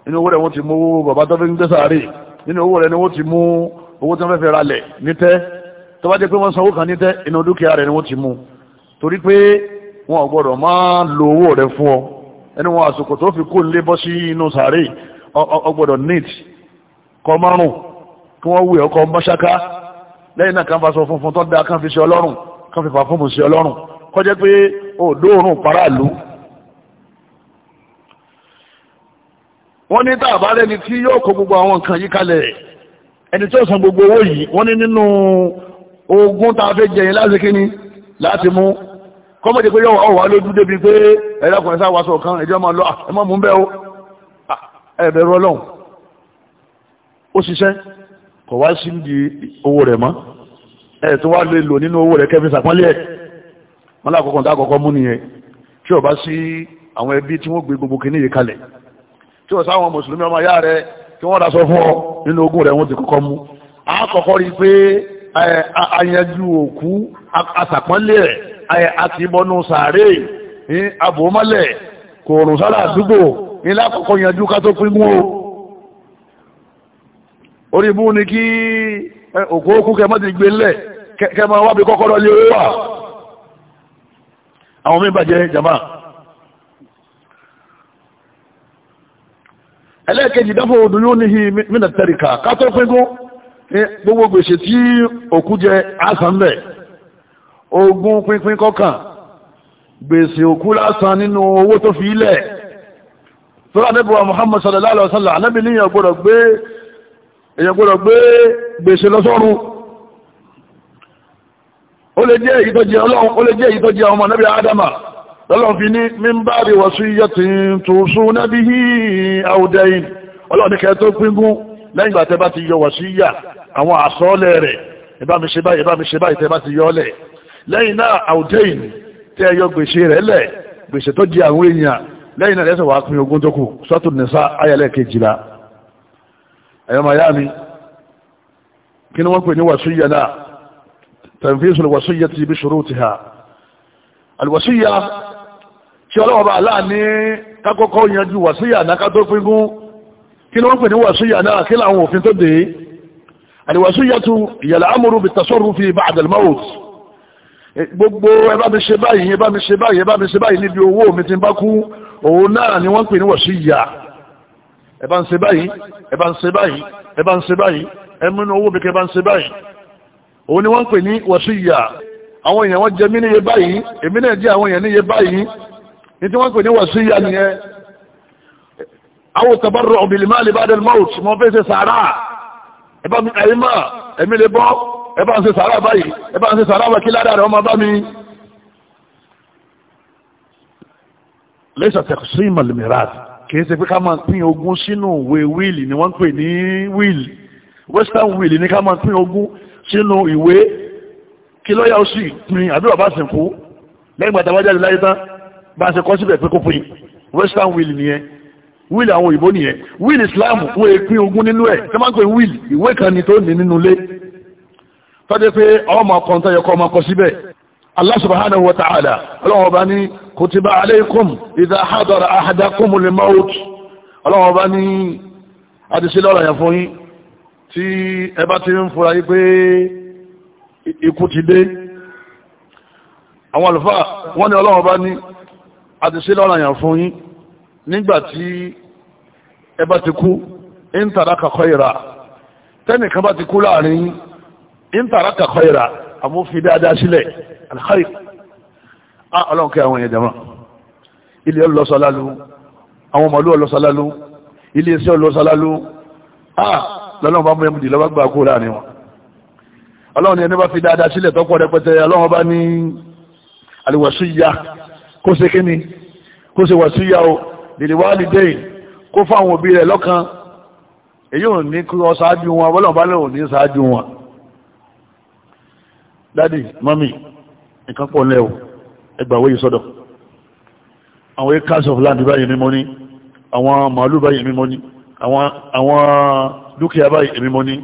Speaker 1: inú owó rẹ̀ wọ́n ti mówó bàbá tó fi ń gbé nínú owó rẹ ni wọ́n ti mú owó tí wọ́n fẹ́ fi ra lẹ̀ nítẹ́ tó bá jẹ́ pé wọ́n sanwó kan nítẹ́ inú dúkìá rẹ̀ ni wọ́n ti mú torí pé lo owó rẹ̀ fún ọ ẹni wọn àsìkò tó fi kó bọ́ sí inú sàárè ọgbọ́dọ̀ kọ márùn kí wọ́n wù ọkọ̀ mọ́ṣáká lẹ́yìn náà kan sọ funfun wọ́n ní tàbárẹ́ ni tí yóò kó gbogbo àwọn nǹkan yìí kalẹ̀ ẹni tí ó san gbogbo owó yìí wọ́n ní nínú ogún tá a fẹ́ jẹyìn láti kíní láti mú kọ́mọ̀dé pé yóò ọ̀wà lójú débi pé ẹ̀rọkùnrin sáwàsọ̀ kan ìjọ máa lọ ah, ẹ má mú bẹ́ o ah, ẹ̀bẹ̀rù ọlọ́run ó ṣiṣẹ́ kò wá sí di owó rẹ̀ mọ́ ẹ̀ tó wá lè lò nínú owó rẹ̀ kẹfí sàpọ́nlé ẹ̀ wọn lákòókò tá àkọ́kọ́ mú nìyẹn tí ò bá sí àwọn ẹbí tí wọ́n gbé gbogbo kìíní kalẹ̀ tí wọ́n sáwọn mùsùlùmí ọmọ ayá rẹ kí wọ́n dasọ fún ọ nínú ogun rẹ̀ wọ́n ti kọ́kọ́ mú àkọ́kọ́ rí pé ayanju òkú asàpọ́nlé ẹ̀ àtibọ́nú sàárè ní abòmọ́lẹ̀ kòrùn sára àdúgbò ní lákọ̀ọ́kọ́ yanjú ká tó pín mú o orí mú ni kí òkú òkú kẹ mọ́tì gbé lẹ̀ kẹ máa wábi kọ́kọ́rọ́ lé owó wà àwọn mí bàjẹ́ jàmáà ẹlẹ́ẹ̀kejì dáfọ́ odùn yóò níhi mínà tẹ́ríkà kátó pínkún gbogbo gbèsè tí òkú jẹ àsánbẹ̀ ogún pínpín kọkàn gbèsè òkú lásán nínú owó tó fi ilẹ̀ tó rádẹ́bùwà Muhammad sallallahu alaihi wasallam anábì níyàn gbọ́dọ̀ gbé èyàn gbọ́dọ̀ gbé gbèsè lọ́sọ́rùn ó lè jẹ́ èyí tó jẹ ọlọ́run ó lè jẹ́ èyí tó jẹ ọmọ anábì lọ́lọ́n fi ní mímbàrí wasiyatin tusuna bihi aw dayn ọlọ́ọ̀ni kẹ́ tó pínkún lẹ́yìn ìgbà tẹ́ bá ti yọ wàsíyà àwọn àsọ́ọ̀lẹ̀ rẹ̀ ìbámi ṣe báyìí ìbámi ṣe báyìí tẹ́ bá ti yọ lẹ̀ lẹ́yìn náà aw dayn tẹ́ ẹ yọ gbèsè rẹ̀ lẹ̀ gbèsè tó di àwọn èèyàn lẹ́yìn tí ọlọ́wọ́ bá aláà ní kákọ́kọ́ yanjú wàsíyà náà ká tó pínkún kí ló ń pè ní wàsíyà náà kí láwọn òfin tó dé àdìwàsíyà tún ìyàlá amúrú bí tasọ́rù fi bá àdàlmáwòt eh, gbogbo ẹ bá mi ṣe báyìí ẹ bá mi ṣe báyìí ẹ bá mi ṣe báyìí ni wọ́n pè ní wàsíyà ẹ bá ń ṣe báyìí ẹ bá ń ṣe báyìí ẹ bá ń ṣe báyìí ẹ múnú owó mi kẹ bá ni wọ́n pè ní wàsíyà àwọn èèyàn ní tí wọ́n pè ní wàsíyà nìyẹn àwọn tabarọ ọ̀bìlìmá lè bá dẹ̀lmọ́ òtù mọ́ fẹ́ ṣe sàárà ẹbá mi àyímọ̀ ẹ̀mí lè bọ́ ẹbá ń ṣe sàárà báyìí ẹbá ń ṣe sàárà wà kí ládàá rẹ̀ ọmọ bá mi lẹ́sà tẹ̀kùsí ìmọ̀lẹ̀mìíràn kìí ṣe pé ká máa pín ogún sínú ìwé wíìlì ni wọ́n pè ní wíìlì western wíìlì ni ká máa pín ogún sínú ìwé kí lọ́yà ó sì pín àbí bàbá sìnkú lẹ́yìn gbàtàwájáde láyé tán bá a ṣe kọ́ síbẹ̀ pé kó fún yín western will nìyẹn will àwọn òyìnbó nìyẹn will islam wọ́n èpin ogún nínú ẹ̀ tí wọ́n pè will ìwé kan ni tó ní nínú ilé tọ́jú pé ọmọ kan tó yẹ kọ́ ọmọ kọ síbẹ̀ Allah subhanahu wa ta'ala ọlọ́wọ́ bá ní kutiba alaykum idha hadara ahadakumul maut ọlọ́wọ́ bá ní adìsí lọ́rọ̀ yẹn fún yín tí ẹ bá ti ń fura yí pé ikú ti dé àwọn àlùfáà wọ́n ní ọlọ́wọ́ ní a ti ṣe lọ́rọ̀ yàn fún yín nígbà tí ẹ bá ti kú ń tàrà kàkọ́ ìrà tẹ́nìkan bá ti kú láàrin yín ń tàrà kàkọ́ ìrà àmúfi dáadáa sílẹ̀ alhaif ah ọlọ́run kẹ́ àwọn èèyàn jama ilé ọlọ́sọ̀lálú àwọn ọmọlú ọlọ́sọ̀lálú ilé iṣẹ́ ọlọ́sọ̀lálú ah lọ́lọ́run bá mú ẹmùdì lọ́wọ́ gbà kó láàrin wọn ọlọ́run ni ẹni bá fi dáadáa sílẹ̀ tọ́pọ̀ rẹpẹtẹ ọlọ́run bá ní alìwàsíyà kó ṣe kíni kó se wàsíyà o lèlè wá lè dẹ́yìn kó fáwọn òbí rẹ̀ lọ́kàn èyí ò ní kí wọ́n ṣáájú wọn bọ́lọ̀ bá lẹ́wọ̀n ní ṣáájú wọn dádì mọ́mì nǹkan pọ̀ lẹ́wọ̀ ẹgbàwó yìí sọ́dọ̀ àwọn acres of land báyìí mímọ́ ní àwọn màálù báyìí mímọ́ ní àwọn dúkìá báyìí mímọ́ ní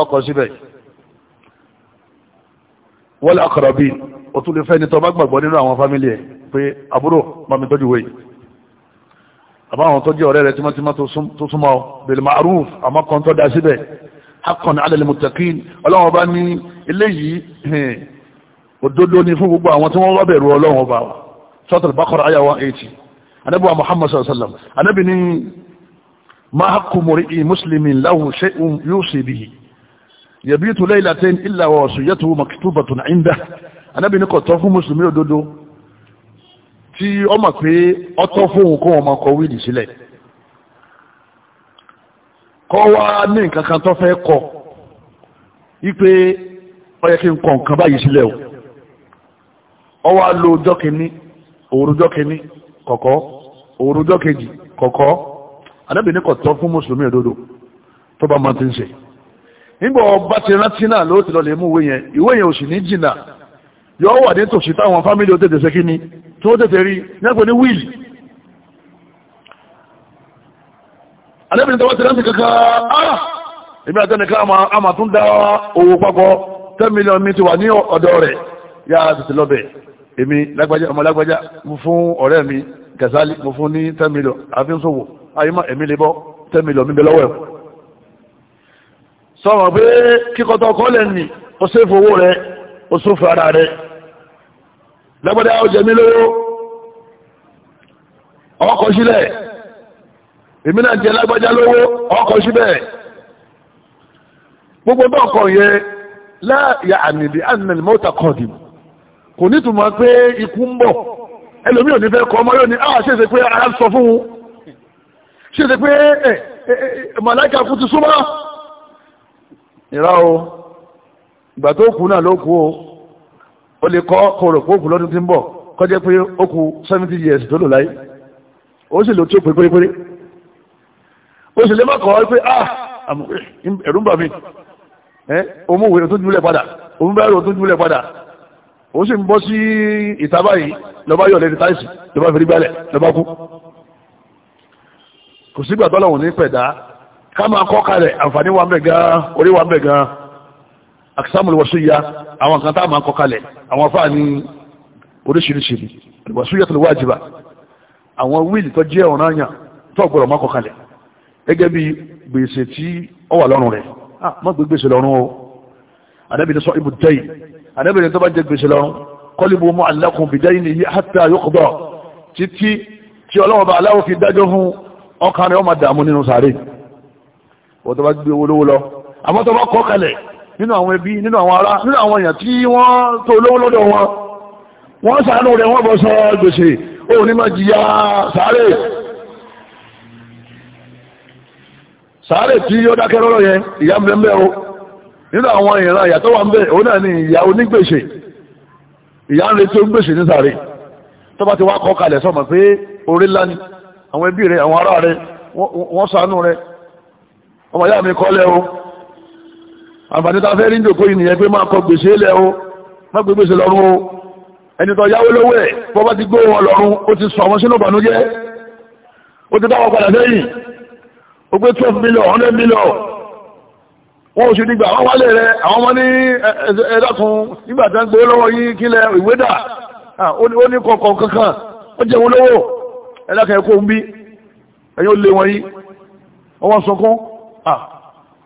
Speaker 1: ọkọ̀ síbẹ̀ wọ́n lè akọ̀rọ̀ bíi òtún lè fẹ́ ni tọ́ bá gbàgbọ́ nínú àwọn fámílì ẹ̀ pé àbúrò bá mi tọ́jú wéyìí àbá àwọn tọ́jú ọ̀rẹ́ rẹ̀ tímọ́tímọ́ tó súnmọ́ bil ma'ruf àmọ́ kan tọ́ da síbẹ̀ haqqan 'ala al-muttaqin ọlọ́run ọba ní eléyìí òdodo ní fún gbogbo àwọn tí wọ́n wá bẹ̀rù ọlọ́run ọba suratul baqara àyà 180 anábì wa muhammad sallallahu alaihi wasallam anábì ní ma haqqu mur'i muslimin lahu shay'un yusi bihi yabitu laylatayn illa wa wasiyatuhu maktubatun 'indahu anábì ní kò tọ́ fún mùsùlùmí òdodo tí ọ mọ̀ pé ọtọ́ fóun kó wọn máa kọ wíìlì sílẹ̀ kọ́ wá ní nǹkan kan tó fẹ́ kọ wípé ó yẹ kí n kọ nǹkan báyìí sílẹ̀ o ọ wá lo ọjọ́ kìíní òrùjọ́ kìíní kọ̀kọ́ òrùjọ́ kejì kọ̀kọ́ adábìnrin kọ̀ tọ́ fún mùsùlùmí òdodo tó bá máa ti ń ṣe nígbà ọba ti rántí náà ló ti lọ lè mú ìwé yẹn ìwé yẹn ò sì ní jìnnà yọ wà ní tòsí táwọn fámílì ó tètè ṣe kí ni tó tẹ̀tẹ̀ rí nẹ́pẹ̀ ní wíìlì alẹ́bìnrin tọwọ́ ti rántí kankan ara ah! èmi àtẹnìká àmà tún dá owó papọ̀ 10 million mi ti wà ní ọ̀dọ̀ rẹ̀ yá tètè lọ́bẹ̀ èmi lágbájá ọmọ lágbájá mo fún ọ̀rẹ́ mi kẹsàlì mo fún ní 10 million àfi ń sòwò ayímọ̀ èmi lè bọ́ 10 million mi lágbádá ó jẹ mí lówó ọkọ̀ sílẹ̀ èmi náà jẹ lágbádá lówó ọkọ̀ síbẹ̀ gbogbo bá ọkọ̀ yẹn láàyà ànìdí ànìdí mọ́ta kọ̀dìm kò nítumọ̀ pé ikú ń bọ̀ ẹlòmí ò ní fẹ́ kọ ọmọ yóò ní àà ah, ṣe ṣe pé ara sọ fún un ṣe ṣe pé eh, eh, eh, màláìka kú ti súnmọ́ ìrà o ìgbà tó kú náà ló kú o ó lè kọ́ kòrò kóòkù lọ́dún tí ń bọ̀ kọjá pé ó kù seventy years tó lò láyé ó sì lò tí ó pè pérépéré ó sì lè má kọ́ pé ah ẹ̀rù ń bà mí òmùwé tó jùlẹ̀ padà òmùbẹ́rù tó jùlẹ̀ padà ó sì ń bọ́ sí ìta báyìí lọ́ba yọ̀ lẹ́ni táìsì lọ́ba fi gbálẹ̀ lọ́ba kú kò sígbà tọ́lọ̀ wọ́n ní pẹ̀dá ká máa kọ́ kalẹ̀ àǹfààní wa ń bẹ gan orí wa ń bẹ gan akisamul wasiya àwọn kan tá a máa kọ kalẹ̀ àwọn afáà ní oríṣiríṣi ni wasiya tó wájibà àwọn wíìlì tó jẹ́ ọ̀ràn àyàn tó gbọ́dọ̀ máa kọ kalẹ̀ gẹ́gẹ́ bí gbèsè tí ó wà lọ́rùn rẹ̀ má gbé gbèsè lọ́rùn o anábìrin sọ ibù dẹ́yìn anábìrin tó bá jẹ gbèsè lọ́rùn kọ́líbù mọ́ alákùn bìdẹ́yìn ni hatta yókùbọ̀ títí tí ọlọ́wọ́ bá aláwọ̀ fi nínú àwọn ẹbí nínú àwọn ará nínú àwọn èèyàn tí wọ́n tó lówó lọ́dọ̀ wọn wọ́n sàánú rẹ̀ wọ́n bọ́ sọ gbèsè ó ní máa jìyà sàárè sàárè tí ó dákẹ́ lọ́rọ̀ yẹn ìyá mbẹ́mbẹ́ o nínú àwọn ìran ìyà wà ń bẹ̀ òun náà ni ìyà onígbèsè ìyà ń retí onígbèsè ní sàárè tó bá ti wá kọ́ kalẹ̀ sọ́mọ̀ pé orí ńlá ni àwọn ẹbí rẹ̀ àwọn ará rẹ̀ wọ́n sàánú rẹ̀ ọmọ ìyá mi kọ́lẹ́ o àǹfààní ta fẹ́ rí jòkó yìí nìyẹn pé máa kọ gbèsè lẹ o má gbé gbèsè lọ́rùn o ẹni tó yáwó lówó ẹ̀ bọ́ bá ti gbó wọn lọ́rùn ó ti sọ àwọn sínú ìbànújẹ́ ó ti dáwọ́ padà lẹ́yìn ó gbé twelve million hundred million wọn ò sì nígbà àwọn wálé rẹ àwọn ọmọ ní ẹ̀ẹ́dàkùn nígbà tí wọ́n gbé lọ́wọ́ yín kílẹ̀ ìwé dà ó ní kọ̀ọ̀kan kankan ó jẹ́ wọn lówó ẹ̀dàkùn ẹ̀kọ́ ń bí ẹ̀yìn ó lé wọn yìí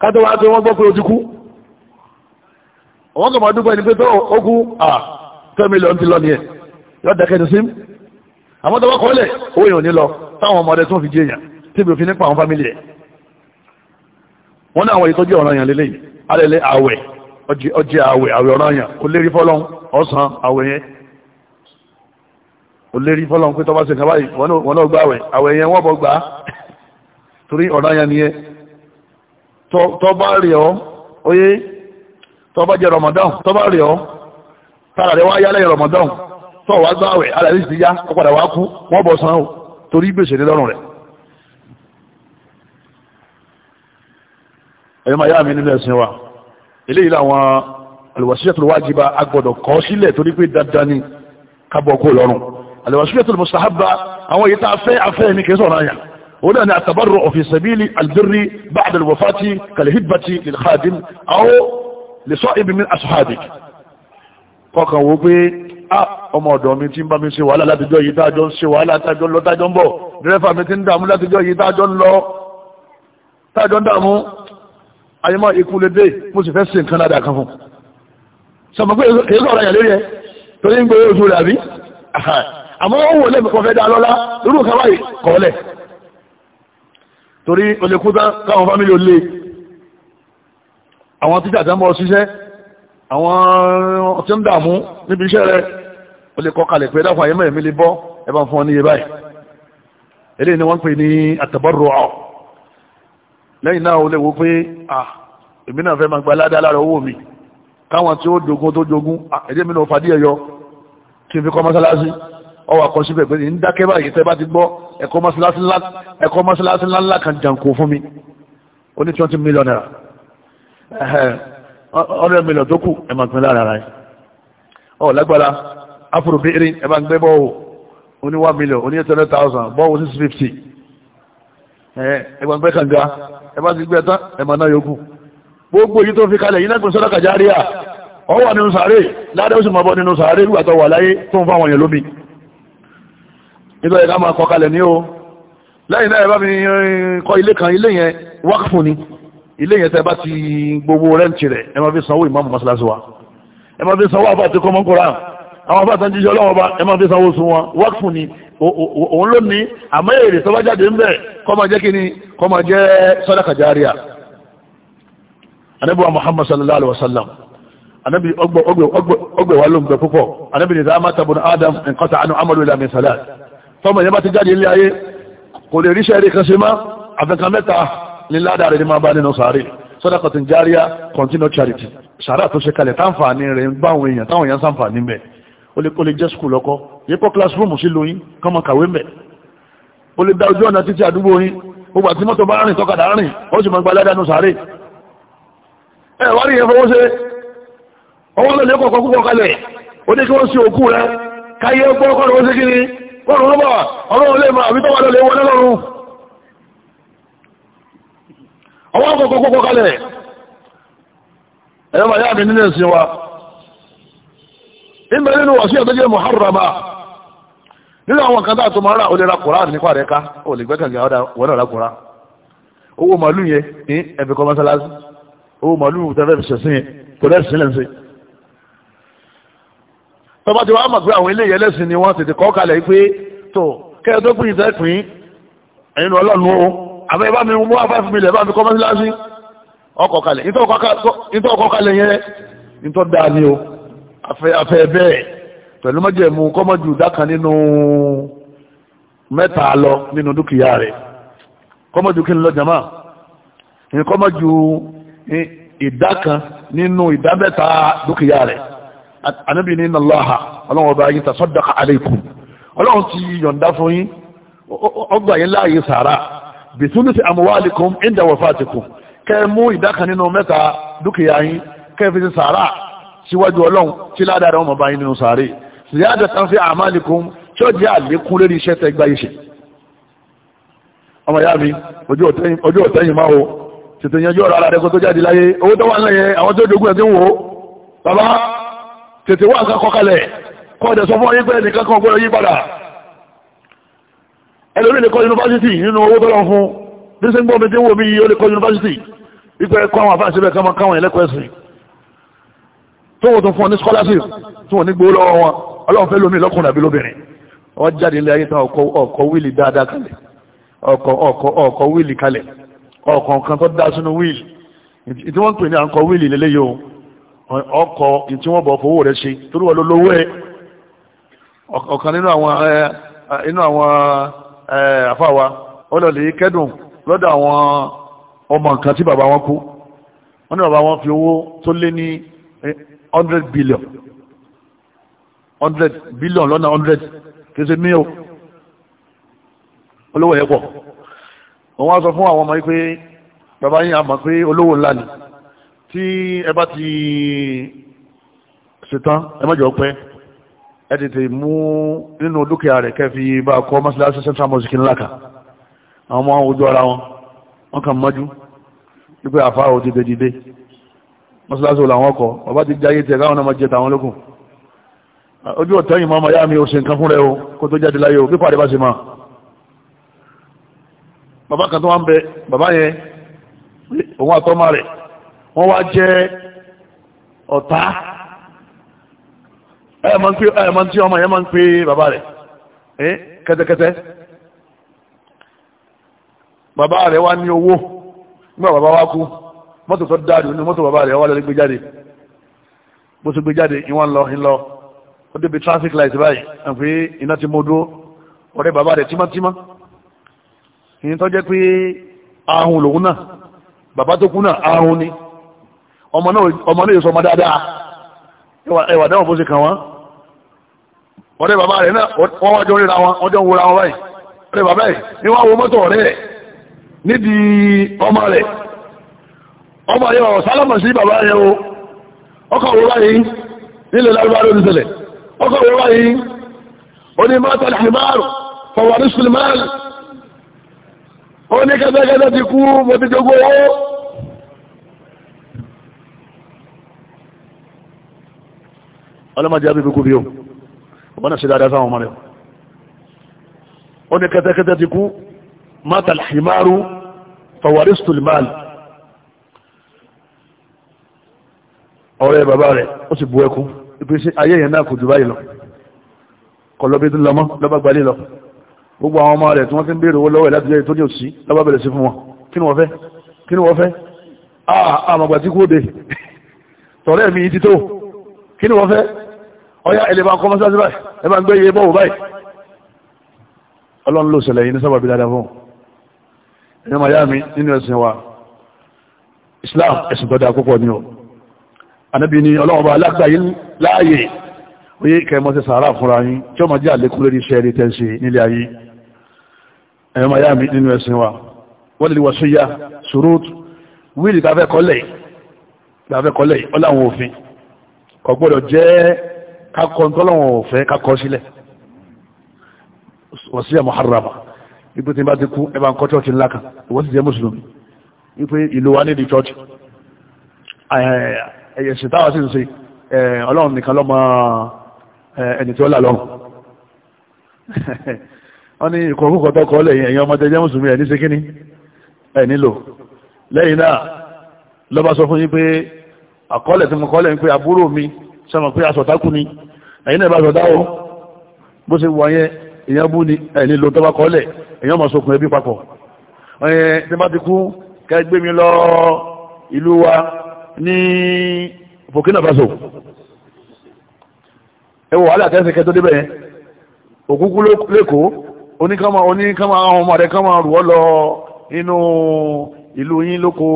Speaker 1: kátó wá pé wọ́n gbọ́ pé o ti kú wọ́n kàn máa dúpọ̀ ẹni pé tó o kú à ten million ti lọ nìyẹn yọ dẹ́kẹ́ ti sim àmọ́ tó wá kọ́lẹ̀ owó yẹn ò ní lọ fi jẹyàn tíbi òfin pa àwọn fámìlì ẹ̀ wọ́n ní àwọn ìtọ́jú ọ̀ràn Alele lélẹ́yìn alẹ́lẹ́ àwẹ̀ ọjẹ́ àwẹ̀ àwẹ̀ ọ̀ràn kò lérí fọ́lọ́n ọ̀sán àwẹ̀ yẹn kò lérí fọ́lọ́n pé tọba rí ọ oyé tọba jẹ Ramadan tọba rí ọ tààrà rẹ wá yá lẹ́yìn Ramadan tọ́ wá gbáwẹ̀ ara rí sí yá ó padà wá kú wọ́n bọ̀ san ó torí gbèsè lọ́rùn rẹ̀ ẹ̀yọ́ máa yá mi nílẹ̀ ẹ̀sìn wa eléyìí làwọn alwasiyatul wajiba agbọ́dọ̀ kọ́ sílẹ̀ torí pé dandan ni kábọ̀ kó lọ́rùn alwasiyatul mustahaba àwọn èyí tá a fẹ́ afẹ́ ní kẹsàn-án náà yàn هنا التبرع في سبيل البر بعد الوفاة كالهبة للخادم أو لصائب من أصحابك kọkàn wo ọmọ ọ̀dọ̀ mi ti ń bá mi ṣe wàhálà látijọ́ yìí tájọ́ ń ṣe wàhálà tájọ́ ń lọ tájọ́ ń bọ̀ dírẹ́fà mi ti ń dààmú látijọ́ yìí tájọ́ ń lọ tájọ́ ń dààmú ayémọ́ ikú lédè mo sì fẹ́ ṣe nǹkan ládàá kan fún sọmọ pé èyí sọ̀rọ̀ yẹn lórí ẹ torí ń gbé oṣù rẹ̀ àbí àmọ́ ó wò lẹ́mìí kan fẹ́ dá lọ́lá lórúkọ wáyé kọ́ọ́lẹ̀ torí olèkútá káwọn fámílì olè àwọn títà àtàmọ́ ṣiṣẹ́ àwọn tí ń dààmú níbi iṣẹ́ rẹ̀ olèkọ́ kalẹ̀ pé dáfà ayémọ̀ èmi lè bọ́ ẹbá fún ọ ní ibáyì eléyìí ni wọ́n pè ní àtàbọ̀rọ̀ ọ̀ lẹ́yìn náà ó lè wo pé ah èmi náà fẹ́ máa gba aládá lára owó mi káwọn tí ó dogun tó dogun ẹ̀jẹ̀ mi náà fàdí ẹ̀yọ kí n fi kọ́ mọ́sálásí ọwọ́ àkọsíbẹ̀ pé ní dákẹ́ báyìí tẹ́ bá ti gbọ́ ẹ̀kọ́ mọ́sálásí ńláńlá kan jàǹkó fún mi ó ní twenty million naira ọ̀rẹ́ mílíọ̀n tó kù ẹ̀ máa pín lára rẹ̀ ọ̀ lágbára afro bèèrè ẹ̀ máa gbé bọ́ọ̀ oní one million oní eight thousand bọ́ọ̀ six fifty ẹ̀ máa gbé kànga ẹ̀ máa ti gbé ẹ̀tá ẹ̀ máa ná yòókù gbogbo èyí tó fi kalẹ̀ yìí náà sọ́dọ̀ kàjáríà ọ wà nínú sàárè ládàá ó sì máa bọ́ nítorí ẹ̀ká máa kọkalẹ̀ ní o lẹ́yìn náà ẹ̀bá mi kọ ilé kan ilé yẹn wákàfún ni ilé yẹn tẹ́ bá ti gbogbo rẹ́ǹtì rẹ̀ ẹ máa fi sanwó ìmáàmù mọ́sálásí wa ẹ máa fi sanwó àbá àti kọ́mọ́ kóra àwọn àbá àtàn jíjọ ọlọ́wọ́ bá ẹ máa fi sanwó sun wọn wákàfún ni òun ló ní àmọ́ èrè tó bá jáde ń bẹ̀ kó máa jẹ́ kíni kó máa jẹ́ sàdákà járíà anabi wa muhammad sallallahu alaihi wasallam anabi ọgbẹ̀ wa ló ń gbẹ púpọ̀ anabi nìdá mátàbùn adam nǹkan tàánú amadu ilẹ̀ min salat tọ́mọ̀ yẹn bá ti jáde ilé ayé kò lè ríṣẹ́ eré kan ṣe má àfẹ́kan mẹ́ta ní ládàá rẹ̀ ní máa bá nínú sàárè sadaqatin jariya continue charity sàárà tó ṣe kalẹ̀ táǹfààní rẹ̀ ń bá àwọn èèyàn táwọn èèyàn sàǹfààní mẹ́ o lè kó lè jẹ́ skul ọkọ yẹ kọ́ classroom sí lóyún kọ́ mọ kàwé mẹ́ o lè da ojú ọ̀nà títí àdúgbò yín gbogbo àti mọ́tò bá rìn tọ́kadà rìn ó sì máa gba ládàá nù sàárè ẹ wá rí yẹn fọwọ́ ṣe ọwọ́ lọ́lẹ́ kọ̀ọ̀kan púpọ̀ kalẹ̀ ó ní kí wọ́n sí òkú rẹ káyé gbọ́kọ̀rọ̀ ó kọ́rùn ló a wà ọlọ́run lè máa àbí tọ́wà lọ́lẹ̀ wọlé lọ́rùn ọwọ́ kọ̀kọ̀kọ̀ kalẹ̀ ẹ̀yọ́ bàyá mi nínú ẹ̀sìn wa ìgbẹ̀ nínú wọ̀sí ọ̀tọ́jẹ́ muharrama nínú àwọn kan dáa tó máa rà ó nípa rẹ̀ ká owó tọba ti a mọ̀ pé àwọn eléyìí ẹlẹ́sìn ni wọ́n tètè kọ́ kalẹ̀ pé tó kẹ́ẹ̀ tó pín ìtẹ́ pín ẹ̀yin ọlọ́run o àbẹ́ bá mi mú wá bá mi kọ́ mọ́síláṣí ọkọ̀ kalẹ̀ ìtọ́ ọkọ̀ kalẹ̀ yẹn ìtọ́ ni o afẹ́ bẹ́ẹ̀ pẹ̀lú mọ́jẹ̀mú kọ́mọ́jù nínú mẹ́ta nínú dúkìá rẹ̀ kọ́mọ́jù kí n lọ jama kọ́mọ́jù ìdá nínú ìdá dúkìá anábì ní iná lọ́ha ọlọ́run ọba yìí tasaddaqa alaykum ọlọ́run ti yọ̀ǹda fún yín ọgbà yín láàyè sàrà bitulusi amwalikum inda wafatikum kẹ́ mú ìdá kan nínú mẹ́ta dúkìá yín kẹ́ fi ti sàrà síwájú ọlọ́run tí ládàá ọmọ bá yín nínú sàrè ziyada tan fi amalikum tí ó jẹ́ àlékún lórí iṣẹ́ tẹ́gbá iṣẹ́ ọmọ ìyá mi ojú ọ̀tẹ́yìn máa wo tètè yanjú ọ̀rọ̀ ara tó jáde láyé owó tó wà ń lẹ́yìn àwọn tó dogun ẹ̀ tètè wá àkàkọ́ kalẹ̀ kọ́ ọ̀dẹ̀ sọ fún ọyẹ́ pẹ́ nìkan kan gbọ́dọ̀ yí padà ẹlòmí lè kọ́ yunifásitì nínú owó tọ́lọ́ fún bí sí ń gbọ́ mi tí wò mí yí lè kọ́ yunifásitì wípé ẹ̀kọ́ àwọn àfáà síbẹ̀ káwọn káwọn tó wọ́n tó fún ọ scholarship tí wọ́n ní gbowó lọ́wọ́ wọn ọlọ́run fẹ́ lómi lọ́kùnrin àbí lóbìnrin wọ́n jáde ilé ayé tán ọkọ̀ wíìlì dáadáa kalẹ̀ ọkọ̀ wíìlì kalẹ̀ ọkọ̀ nǹkan tó dá sínú wíìlì tí ọkọ̀ tí wọ́n bọ̀ fowó rẹ̀ ṣe torí wọ́n ló lówó ẹ̀ ọ̀kan nínú àwọn inú àwọn àfáwa ó lọ lè kẹ́dùn lọ́dọ̀ àwọn ọmọ nǹkan tí bàbá wọn kú wọ́n ní bàbá wọn fi owó tó lé ní 100 billion 100 billion lọ́nà 100 kìí ṣe mí o olówó ẹ̀ pọ̀ wọ́n wá sọ fún àwọn ọmọ yìí pé bàbá yìí àmọ̀ pé olówó ńlá ni tí ẹ bá ti ṣetán ẹ má jẹ́ ọpẹ́ ẹ tètè mú nínú dúkìá rẹ̀ kẹfì bá kọ́ mọ́síláṣí central mosque ńlá kan àwọn ọmọ ojú ara wọn wọ́n kàn mọ́jú wípé àfáà ò dìde dìde mọ́síláṣí ò làwọn ọkọ̀ ọba ti jáyé tiẹ̀ káwọn náà máa jẹ tàwọn lókun ojú ọ̀tẹ́yìn máa ma yá mi ò ṣe nǹkan fún rẹ o kó tó jáde láyé o bí pàdé bá ṣe máa bàbá kan tó wá ń bẹ bàbá yẹn òun àtọ́mà rẹ̀ wọ́n wá jẹ́ ọ̀tá ẹ̀mọ̀ tí ọmọ yẹn máa ń pè bàbá rẹ̀ ẹ́ kẹ́tẹ́kẹ́tẹ́ bàbá rẹ̀ wá ní owó nígbà bàbá wá kú mọ́tò tó dáadù ní mọ́tò bàbá rẹ̀ wá lọ́lẹ́ gbé jáde bó ṣe gbé jáde ìwọ̀n lọ ìlọ ó débi traffic light báyìí àfi iná ti mú dúró ọ̀rẹ́ bàbá rẹ̀ tímátímá ìyẹn tó jẹ́ pé ahun lòun náà bàbá tó kú náà ahun ni ọmọ náà yóò sọ ọmọ dáadáa ẹwà dáwọn bàbá náà wọn wọ́n ń wúra wọn báyìí rẹ̀ bàbá ẹ̀ ní wọ́n wo mọ́tò rẹ̀ nídìí ọmọ rẹ̀ ọmọ yẹ ọ̀rọ̀ sálámà sí bàbá yẹ o ọkọ̀ wọ́n báyìí báyìí ó ní fọwọ́rí ó ní ti kú jogbo ọlọ́mọdé abẹ́ gbogbo bí o ọmọ náà ṣe dáadáa sáwọn ọmọ rẹ̀ ó ní kẹ́tẹ́kẹ́tẹ́ ti kú mata alhimaru fawaristul mal ọ̀rẹ́ bàbá rẹ̀ ó sì bu ẹkún ìpèsè ayé yẹn náà kò jù báyìí lọ kọlọ́bí tó lọmọ lọ́bá gbalé lọ gbogbo àwọn ọmọ rẹ̀ tí wọ́n ti ń béèrè owó lọ́wọ́ ìlàjẹ́ tó ní òsì lọ́bá bẹ̀rẹ̀ sí fún wọn kí ni wọ́n fẹ́ kí ni wọ́n fẹ́ ah, àmàgbà tí kú òde <laughs> tọ̀rẹ́ mi ti tó kí ni wọ́n fẹ́ ọyá ẹlẹ́bà kọ́ mọ́sáàsì báyìí ẹ e bá ń gbé iye bọ́ọ̀ báyìí ọlọ́run ló ṣẹlẹ̀ yìí ní sábàbí dáadáa fún ẹ̀yọ́ màá yá mi nínú ẹ̀sìn wa Islam ẹ̀sìn tó dáa púpọ̀ ni o ànábì ni ọlọ́run bá alágbàáyé láàyè oyè kẹmọ́ ti sàárà fúnra yín tí ó máa jẹ́ àlékún lórí iṣẹ́ rí tẹ́ǹsì nílé ayé ẹ̀yọ́ màá mi nínú ẹ̀sìn wa wọ́n lè wọ́n sí ya surut wíìlì tàfẹ́ kọ́lẹ̀ tàfẹ́ kọ́lẹ̀ ọláwọn òfin kò jẹ́ kakọ ntọ́lọ́wọ̀n ọ̀fẹ́ kakọ sílẹ̀ wasiya muharrama ipe tí n bá ti kú ẹ bá ń kọ́ chọ́ọ̀chì ńlá kan ìwọ́n ti jẹ́ mùsùlùmí ipe ìlú wa nídìí chọ́ọ̀chì ẹ̀yẹ̀ sì táwa sì ń ṣe ọlọ́run nìkan lọ́mọ ẹni tí ó là lọ́rùn <laughs> wọ́n ní ìkọ̀ọ̀kọ̀ tọkọ lẹ́yìn ẹ̀yin ọmọdé jẹ́ mùsùlùmí ẹ̀ ní ṣe kíní ẹ̀ nílò lẹ́yìn náà lọ́ba sọ fún yín pé àkọọ́lẹ̀ tí mo kọ́lẹ̀ ń pé àbúrò mi sọ ẹ̀yin náà bá sọ̀dá o bó ṣe wà yẹn èèyàn bú ni ẹ̀ní ló tọ́ba kọ́lẹ̀ èèyàn máa sokùn ẹbí papọ̀ ẹ̀yẹn tí bá ti kú kẹ́ gbé mi lọ ìlú wa ní Burkina Faso ẹ wọ wàhálà kẹsẹ̀ kẹtọ́ débẹ̀ yẹn òkúkú lẹ́kọ̀ọ́ oníkàmà oníkàmà àwọn ọmọ rẹ̀ kàmà rù lọ inú ìlú yín lóko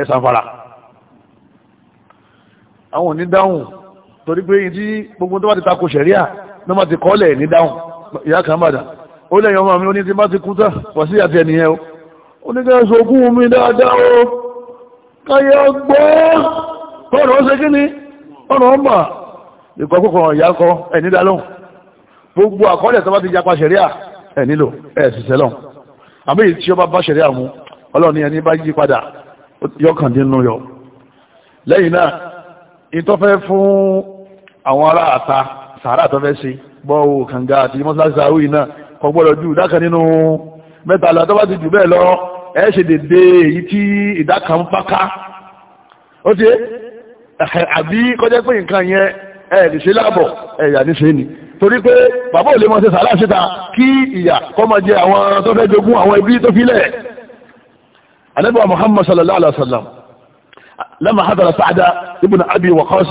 Speaker 1: ẹ̀sànfàrà àwọn onídáhùn torí pé yìí tí gbogbo tó bá ti takò ṣẹ̀ríà ló máa ti kọ́lẹ̀ ní dáhùn ìyá kan bàdà ó lẹ́yìn ọmọ mi ó ní tí bá ti kú tán wọ́n sí àti ẹnìyẹn o ó ní kẹ́hìn sókún mi dáadáa o káyé ọgbọ́ tọ́rọ ó ṣe kí ni ọ̀nà ọmọ ìkọkùnkùn ọ̀yá kọ ẹ̀ní dálóhùn gbogbo àkọọ́lẹ̀ tó bá ti japa ṣẹ̀ríà ẹ̀ nílò ẹ̀ sì sẹ́lọ̀ àmì tí ó bá bá ṣẹ̀ríà mu ọlọ́run ni ẹni bá yí padà yọkàndínlú yọ lẹ́yìn náà àwọn ará àta sàárà tó fẹ́ ṣe bọ́ọ̀wò kànga àti mọ́sánsá àwí náà kò gbọ́dọ̀ ju ìdá kan nínú mẹ́tàlá tó bá ti jù bẹ́ẹ̀ lọ ẹ ṣe dédé èyí tí ìdá kan ń páká ó ti àbí kọjá pé nǹkan yẹn ẹ lè ṣe láàbọ̀ ẹ ní ṣe ni torí pé bàbá ò lè mọ sàárà ṣe ta kí ìyà kọ́ máa jẹ àwọn tó fẹ́ jogún àwọn ẹbí tó filẹ̀ anábíwá Muhammad sallallahu alaihi wa sallam lẹ́mọ̀ hadara Sa'da ibn Abi Waqqas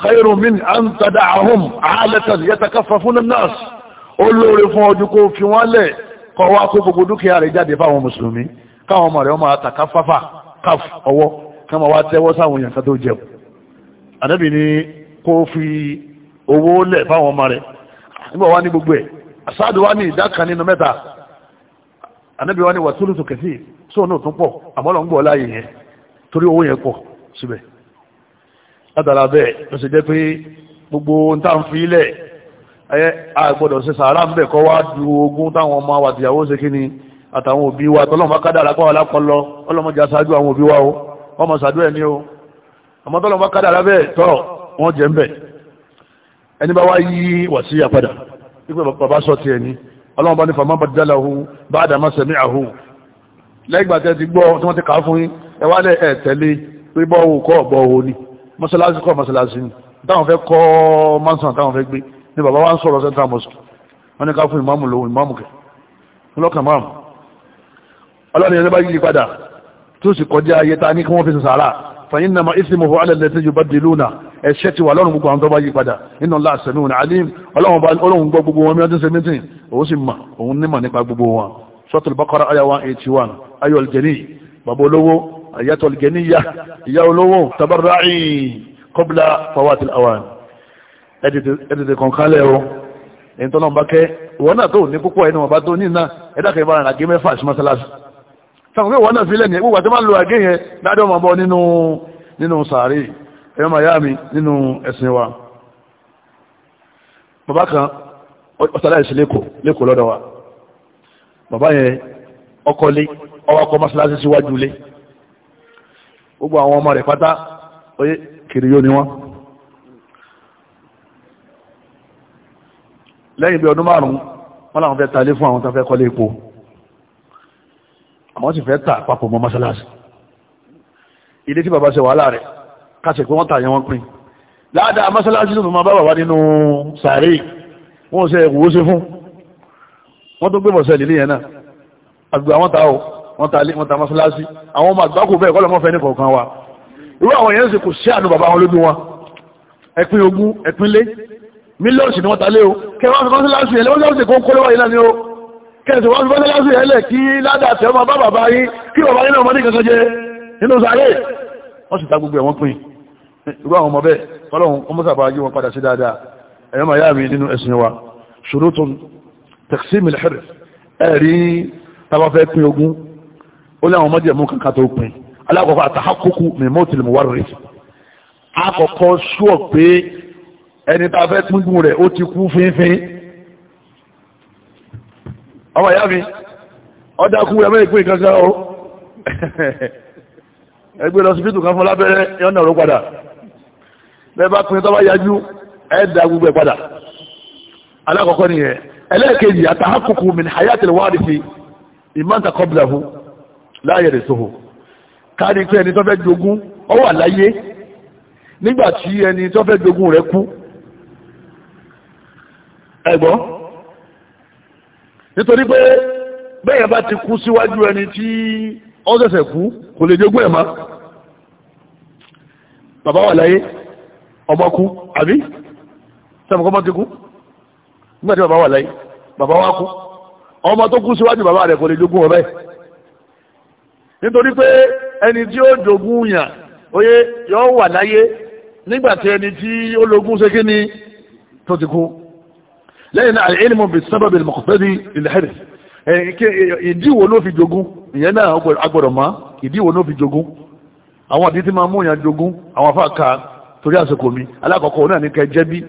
Speaker 1: khairu min an tada'ahum alatan yatakaffafuna an-nas olóore fún ọdún kó fi wọ́n lẹ̀ kọ́ wá kó gbogbo dúkìá rẹ̀ jáde fáwọn mùsùlùmí káwọn ọmọ rẹ̀ ọmọ àtàkà fáfà káf ọwọ́ kí wọ́n wá tẹ́wọ́ sáwọn èèyàn kan tó jẹun àdẹ́bì ni kó fi owó lẹ̀ fáwọn ọmọ rẹ̀ nígbà wá ní gbogbo ẹ̀ àsáàdù wá ní ìdá kan nínú mẹ́ta àdẹ́bì wá ní wàtúrùtù kẹsì sóònù tó pọ̀ àmọ́ lọ́ ń gbọ́ láàyè yẹn torí owó yẹn pọ̀ síbẹ̀ látara bẹ́ẹ̀ ló ṣe jẹ́ pé gbogbo ohun tá à ń fi ilẹ̀ ẹ àgbọ̀dọ̀ ṣe sàárà ń bẹ̀ kọ́ wá ju ogún táwọn ọmọ wa ṣe kí ni àtàwọn òbí wa tọ́lọ́mọ kádàrà kọ́ alákọlọ ọlọ́mọdé aṣáájú àwọn òbí wa o ọmọ ṣàdú ẹ̀ ní o àmọ́ tọ́lọ́mọ kádàrà bẹ́ẹ̀ tọ́ wọ́n jẹ́ ń bẹ̀ ẹni bá wá yí wà sí àpadà wípé bàbá sọ ti ẹni ọlọ́mọ bá ní pé bọ́ọ̀ kọ́ bọ́ọ̀ ni mọ́sálásí kọ́ mọ́sálásí ni táwọn fẹ́ kọ́ mansan táwọn fẹ́ gbé ní bàbá wa ń sọ̀rọ̀ central mosque wọ́n ní ká fún ìmáàmù lòun ìmáàmù kẹ̀ lọ́kàn máàmù ọlọ́run yẹn bá yí padà tó sì kọjá ayé ta ní kí wọ́n fi sàárà fàyín nàmà ìsìnmọ̀fọ́ alẹ́lẹ́tẹ́ yóò bá dìlú náà ẹ̀ṣẹ́ ti wà lọ́rùn gbogbo àwọn tó bá yí padà nínú ńlá àṣẹ̀nù ní alim ọlọ́run gbọ́ gbogbo wọn mẹ́rin sẹ́mẹ́tì òun sì mà òun nímọ̀ nípa gbogbo wọn sọ́tùlù bákọ́rá ayáwá 81 ayọ̀ algeri bàbá olówó ìyá tọ̀lìgẹ́níyà ìyá olówó tabarra'i kọ́bílá fawati awan ẹ̀dẹ̀dẹ̀ kọ̀ǹkálẹ̀ o ẹni tọ́nà bá kẹ́ wọ́n náà tó ní púpọ̀ ẹni wọ́n bá tó nínà ẹ̀dàkẹ́ bá rìn àgé mẹ́fà sí mọ́sálásì sàkùnkẹ́ wọ́n náà sílẹ̀ ní ìwúwà tó máa lo àgé yẹn dáadọ́ máa bọ́ nínú nínú sàárè ẹ̀rọ miami nínú ẹ̀sìn wa bàbá kan ọ̀sálàìsí lẹ́kọ̀ọ́ lọ́dọ̀ wa bàbá yẹn ọkọ̀ lé ọwọ́ akọ mọ́sálásì síwájú lé gbogbo àwọn ọmọ rẹ̀ pátá oyé kiri yóò ní wọ́n lẹ́yìn bí ọdún márùn-ún wọ́n láwọn fẹ́ talé fún àwọn tó fẹ́ kọ́lé epo àwọn sì fẹ́ tà papọ̀ mọ́ mọ́sálásì ilé tí bàbá ṣe wàhálà rẹ̀ kásẹ̀ pé wọ́n tà yẹn wọ́n láàdá mọ́sálásì tó máa bá bàbá nínú sàárè wọ́n ṣe wòó ṣe fún wọ́n tó gbé bọ̀sẹ̀ nílé yẹn náà àgbà àwọn ta wọ́n ta ilé wọ́n ta mọ́sálásí àwọn ọmọ àgbákò bẹ́ẹ̀ kọ́lọ̀ mọ́fẹ́ ní kọ̀ọ̀kan wa irú àwọn yẹn ń ṣe kò sí àánú bàbá wọn lójú wọn ẹ̀pin ogún ẹ̀pin lé mílíọ̀nù ni wọ́n ta lé o kẹwàá fi mọ́sálásí yẹn lẹ́wọ́n sì kó ń kó lọ́wọ́ yìí náà ni o kẹsì wọ́n fi mọ́sálásí yẹn lẹ̀ kí ládàá tẹ́ ọmọ bá bàbá yín kí bàbá yín náà mọ́ ní kankan jẹ nínú sáré wọ́n sì ta gbogbo ẹ̀wọ̀n pin irú àwọn ọmọ bẹ́ẹ̀ fọlọ́hún ọmọ sábà yí wọn padà sí dáadáa ẹ̀yọ́ màá yá mi nínú ẹ̀sìn wa ṣòro tó tẹ̀sí mi lẹ́rẹ̀ tábà fẹ́ pin ogún ó láwọn mọ́jẹ̀mú kankan tó pin alákọ̀ọ́kọ́ àtàkùkù mìmọ́tìlì mùwárìrì akọ̀kọ́ sùọ̀ pé ẹni tá a fẹ́ pínpín rẹ̀ ó ti kú fínfín ọmọ ìyá mi ọdá o <laughs> ẹgbẹ́ lọ sí fítù kan fún lábẹ́rẹ́ yọ́nà ọ̀rọ̀ padà bẹ́ẹ̀ bá pin tọ́wọ́ yájú ẹ̀dá gbogbo ẹ̀ padà alákọ̀ọ́kọ́ nìyẹn ẹlẹ́ẹ̀kejì àtàkùkù mìnìhàyàtìlì wárìsì ìmọ̀ntàkọ́bìlà fún láàyè rẹ̀ sòhò kárí pé ẹni tó fẹ́ jogún ọ wà láyé nígbà tí ẹni tó fẹ́ jogún rẹ̀ kú ẹ̀gbọ́n nítorí pé bẹ́yẹn bá ti kú síwájú ẹni tí ó ṣẹ̀ṣẹ̀ kú kò lè jogún ẹ̀ má bàbá wà láyé ọmọ kú àbí sẹ́mi kọ́mọ́ ti kú nígbà bàbá wà láyé bàbá wà kú ọmọ tó kú síwájú bàbá rẹ̀ kò lè jogún ọ̀rẹ́ ẹ̀ nítorí pé ẹni tí ó jogún yàn oyé yọ wà láyé nígbàtí ẹni tí ó lógún ṣe kí ni tó ti kú lẹ́yìn náà al-ilmu bis-sabab al-muqtadi lil-hirth ìdíwò ló fi jogún ìyẹn náà agbọ̀dọ̀ má ìdíwò ló fi jogún àwọn àdí tí máa mú yàn jogún àwọn afá ka torí àsìkò mi alákọ̀ọ́kọ́ náà ní kẹ jẹ́ bí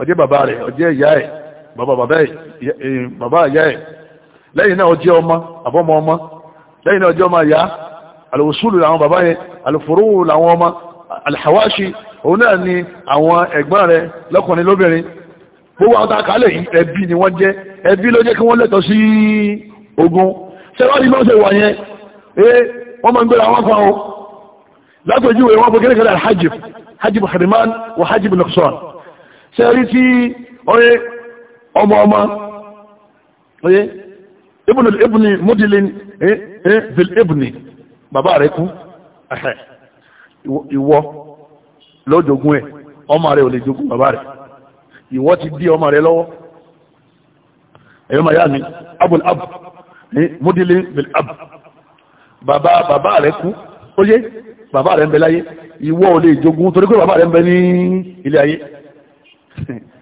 Speaker 1: ọjẹ́ bàbá rẹ̀ ọjẹ́ ìyá ẹ̀ bàbá bàbá ìyá ẹ̀ lẹ́yìn náà ọjẹ́ ọmọ àbọ́mọ ọmọ lẹ́yìn ọjọ́ máa yá alùsùlù làwọn bàbá yẹn alùfòrò làwọn ọmọ alhawashi òun náà ni àwọn ẹ̀gbọ́n rẹ lọ́kùnrin lóbìnrin gbogbo àwọn takalẹ̀ yìí ẹbí ni wọ́n jẹ́ ẹbí ló jẹ́ kí wọ́n lẹ́tọ̀ sí ogun sẹ́wádìí máa ń ṣe wà yẹn ee wọ́n máa ń gbéra wọn kan o látòjúwe wọn fún kékeré alhajib hajib hariman wa hajib nuqsan sẹ́rí tí ọyẹ ọmọ ọmọ ọyẹ ibùnú ibùnú múdìlì fil ibùnú bàbá rẹ̀ kú ìwọ lójogún ẹ̀ ọmọ rẹ̀ ò lè jogún bàbá rẹ̀ ìwọ ti dí ọmọ rẹ̀ lọ́wọ́ ẹ̀yọ́ màá yá ni abul ab eh, múdìlì fil ab bàbá bàbá rẹ̀ kú ó yé bàbá rẹ̀ ń bẹ láyé ìwọ ò lè jogún torí pé bàbá rẹ̀ ń bẹ ní ilé ayé <laughs>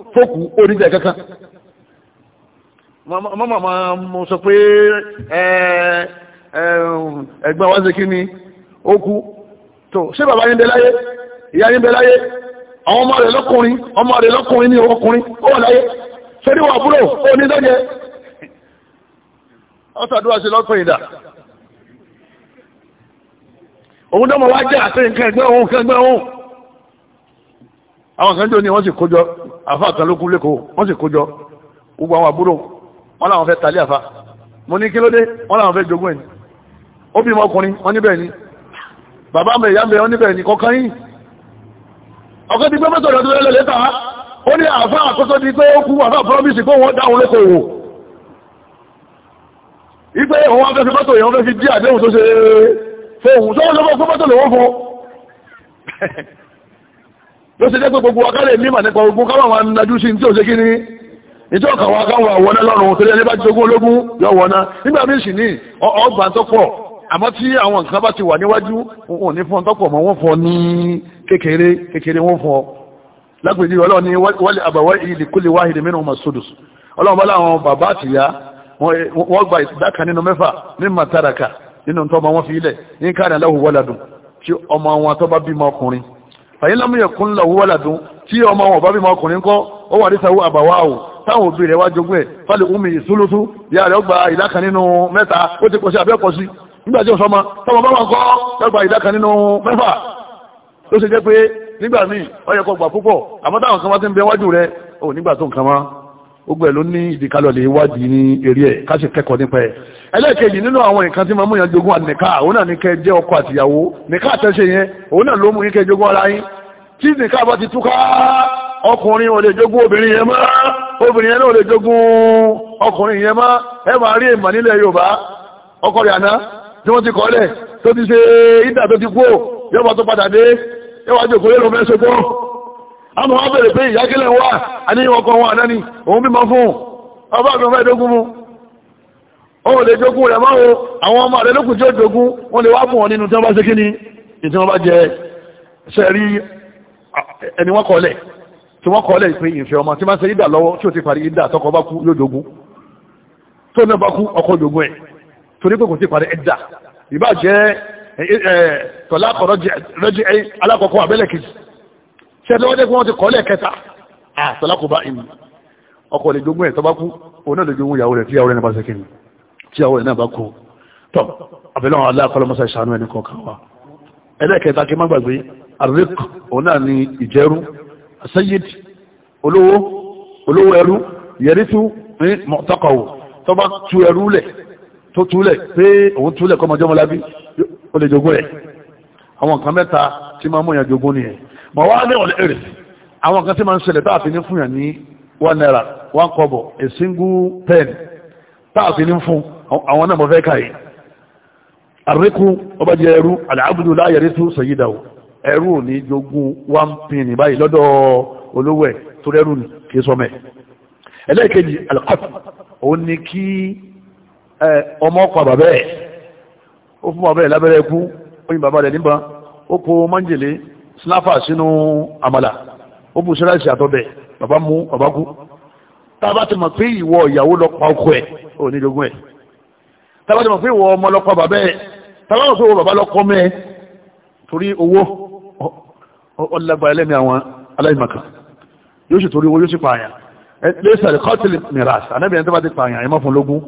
Speaker 1: fókù oníṣẹ́ kankan mọ́mọ́ máa mú sọ pé ẹgbẹ́ wá sí kí ni ó kú tó ṣé bàbá yín bẹ láyé ìyá yín bẹ láyé àwọn ọmọ rẹ̀ lọ́kùnrin ọmọ rẹ̀ lọ́kùnrin ní ọkùnrin ó wà láyé ṣe ní wà búrò ó ní lọ́jẹ́ ọ́sàdúwà sí lọ́pọ̀ ìdá òun dọ́mọ̀ wá jẹ́ àti nǹkan ẹgbẹ́ òun nǹkan ẹgbẹ́ òun àwọn kan jò ní wọ́n sì kójọ àfa àkàlókù lẹ́kọ̀ọ́ wọ́n sì kójọ gbogbo àwọn àbúrò wọ́n làwọn fẹ́ talé àfa mo ní kí ló dé wọ́n làwọn fẹ́ jogún ẹ̀ ní ó bímọ ọkùnrin wọ́n níbẹ̀ ni bàbá mi ìyá mi wọ́n níbẹ̀ ni kọ̀ọ̀kan yìí ọ̀kan ti gbé mọ́tò rẹ̀ tó lẹ́lẹ̀ lẹ́ta ó ní àfa àkóso di pé ó kú àfa promise pé wọ́n dáhùn lẹ́kọ̀ọ́ ipe òun afẹ́ fi mọ́tò yẹn wọ́n fẹ́ fi dí àdéhùn tó ṣe fóun tó wọ́n lọ́wọ́ fún mọ́tò lọ́wọ́ fún ló ṣe jẹ́ pé gbogbo ọ̀kálẹ̀ mímọ̀ nípa ogun káwọn àwọn anájú sí tí ò ṣe kí ni ìjọ kàwọn akáwọn àwọn ọlọ́run torí ẹni bá ti ogún ológun yọ wọ̀nà nígbà míì sì ní ọgbà tó pọ̀ àmọ́ tí àwọn nǹkan bá ti wà níwájú òun ní fún tọ́pọ̀ mọ́ wọ́n fọ ní kékeré kékeré wọ́n fọ lágbèjì ọlọ́run ní wọ́lẹ̀ àbàwọ́ ìlì kúlẹ̀ wáhìdì ọmọ sódùs ọlọ́run bá láwọn bàbá àtìyá wọ́n gba ìdáka nínú mẹ́fà ní màtàràkà nínú tọ́mọ wọn fi ilẹ̀ ní káàdà láhùn wọ́ládùn tí ọmọ wọn tọ́ bá bímọ ọkùnrin fàyín lámúyẹ̀ kún lọ́wọ́ wà ládùn tí ọmọ wọn bá bí ọkùnrin kọ́ ó wà nísàwọ́ àbàwà o táwọn òbí rẹ̀ wá jogún ẹ̀ fálẹ̀ omi ìsúlùsù ìyá rẹ̀ ọgbà ìdá kan nínú mẹ́ta ó ti pọ̀sí àbẹ́kọ̀ sí nígbà tí ó sọmọ tọmọ bá wọn kọ́ ọgbà ìdá kan nínú mẹ́fà ló ṣe jẹ́ pé nígbà míì ó gbà púpọ̀ àmọ́ táwọn kan bá ti ń bẹ wájú rẹ̀ ó nígbà tó nǹkan máa gbogbo ẹ̀ ló ní ìdíkalọ̀ lè wádìí ní eré ẹ̀ ká sì kẹ́kọ̀ọ́ nípa ẹ̀ ẹlẹ́ẹ̀kejì nínú àwọn nǹkan tí mamu yẹn jogún àníkà òun náà ní kẹ́ jẹ́ ọkọ àtìyàwó níkà àtẹ́sẹ̀ yẹn òun náà ló mú yín kẹ́ jogún ara yín tí níkà bá ti túká ọkùnrin ò lè jogún obìnrin yẹn mọ́ obìnrin yẹn náà ò lè jogún ọkùnrin yẹn mọ́ ẹ máa rí èèmọ̀ nílẹ̀ Yorùbá ọkọ rẹ̀ àná tí wọ́n ti kọ́lẹ̀ tó ti ṣe ìdà tó ti kú yọ́bọ̀ tó padà dé yọ́wọ́ àjòkó yẹ́rọ mẹ́sọ̀gbọ́n àmọ́ wọ́n bèèrè pé ìyákílẹ̀ wà àníyàn ọkọ̀ wọn àdáni òun bímọ fún ọba àgbẹ̀fẹ́ ìdógún mú òun lè jogún rẹ̀ máa wo àwọn ọmọ rẹ̀ lókùn tí ó jogún wọ́n lè wá fún wọn nínú tí wọ́n bá ṣe kí ni tí wọ́n bá jẹ sẹ́rí ẹni wọ́n kọ́lẹ̀ tí wọ́n kọ́lẹ̀ pé ìfẹ́ ọmọ tí máa ṣe ìdà lọ́wọ́ tí ó ti parí ìdà tọkọ bá kú yóò jogún tó náà bá kú ọkọ jogún ẹ̀ torí pé kò ti parí ìdà ìbá jẹ́ tọ́lá alákọ̀ọ́kọ́ àbẹ́lẹ̀ tẹ́tẹ́ wọ́n jẹ́ pé wọ́n ti kọ́lẹ̀ kẹta àtàlákò bá ìmú ọkọ̀ lè jogún ẹ̀ tọ́bá kú òun náà lè jogún ìyàwó rẹ̀ tíyàwó rẹ̀ náà bá ṣe kìnnì tíyàwó rẹ̀ náà bá kú tọ́ àbẹ̀lọ́wọ̀n aláàkọ́lọ́mọsá ìṣàánú ẹni kọ̀ọ̀kan wa ẹlẹ́ẹ̀kẹta kí má gbàgbé àrík òun náà ni ìjẹ́rú sayid olówó olówó ẹrú yẹrìtú ní mọ̀tọ́kọ̀wò tọ́bá tú ẹrú lẹ̀ tó túlẹ̀ pé òun túlẹ̀ kọ́mọjọ́mọlábí ó lè jogún ẹ̀ àwọn nǹkan mẹ́ta tí máa mú ìyàn jogún nìyẹn mọ̀ wá ní ọ̀lẹ́ èrè àwọn kan tí máa ń ṣẹlẹ̀ táàfi ní fún yàn ní one naira one kọ́bọ̀ a single pen táàfi ní fún àwọn náà mọ̀ fẹ́ káyé àríkú ọba jẹ ẹrú àdáàbùdó láyẹrí tó sọyídà o ẹrú ò ní jogún one pin báyìí lọ́dọ̀ olówó ẹ̀ tó rẹ́rù ní kí sọmẹ́ ẹlẹ́ẹ̀kejì alikọ́tù òun ni kí ọmọ ọkọ̀ bàbá ẹ̀ ó fún bàbá ẹ̀ lábẹ́rẹ́ ikú ó yin bàbá rẹ̀ níbọn ó po májèlé sínáfà sínú amala. O bù síráìsì àtọ́bẹ̀ bàbá mú baba kú tá a bá ti mọ̀ pé ìwọ ìyàwó lọ pa ọkọ ẹ̀ ò ní dogun ẹ̀ tá a bá ti mọ̀ pé ìwọ ọmọ lọ pa bàbá ẹ̀ tá a bá mọ̀ pé ìwọ bàbá lọ kọ́ mẹ́ torí owó ọlọ́gbà ẹlẹ́mìí àwọn aláìmọ̀kan yóò sì torí owó yóò sì pààyàn lẹ́sàrí kọ́tìlì mìíràn anábìyàn tó bá ti pààyàn ẹ̀mọ́ fún lógún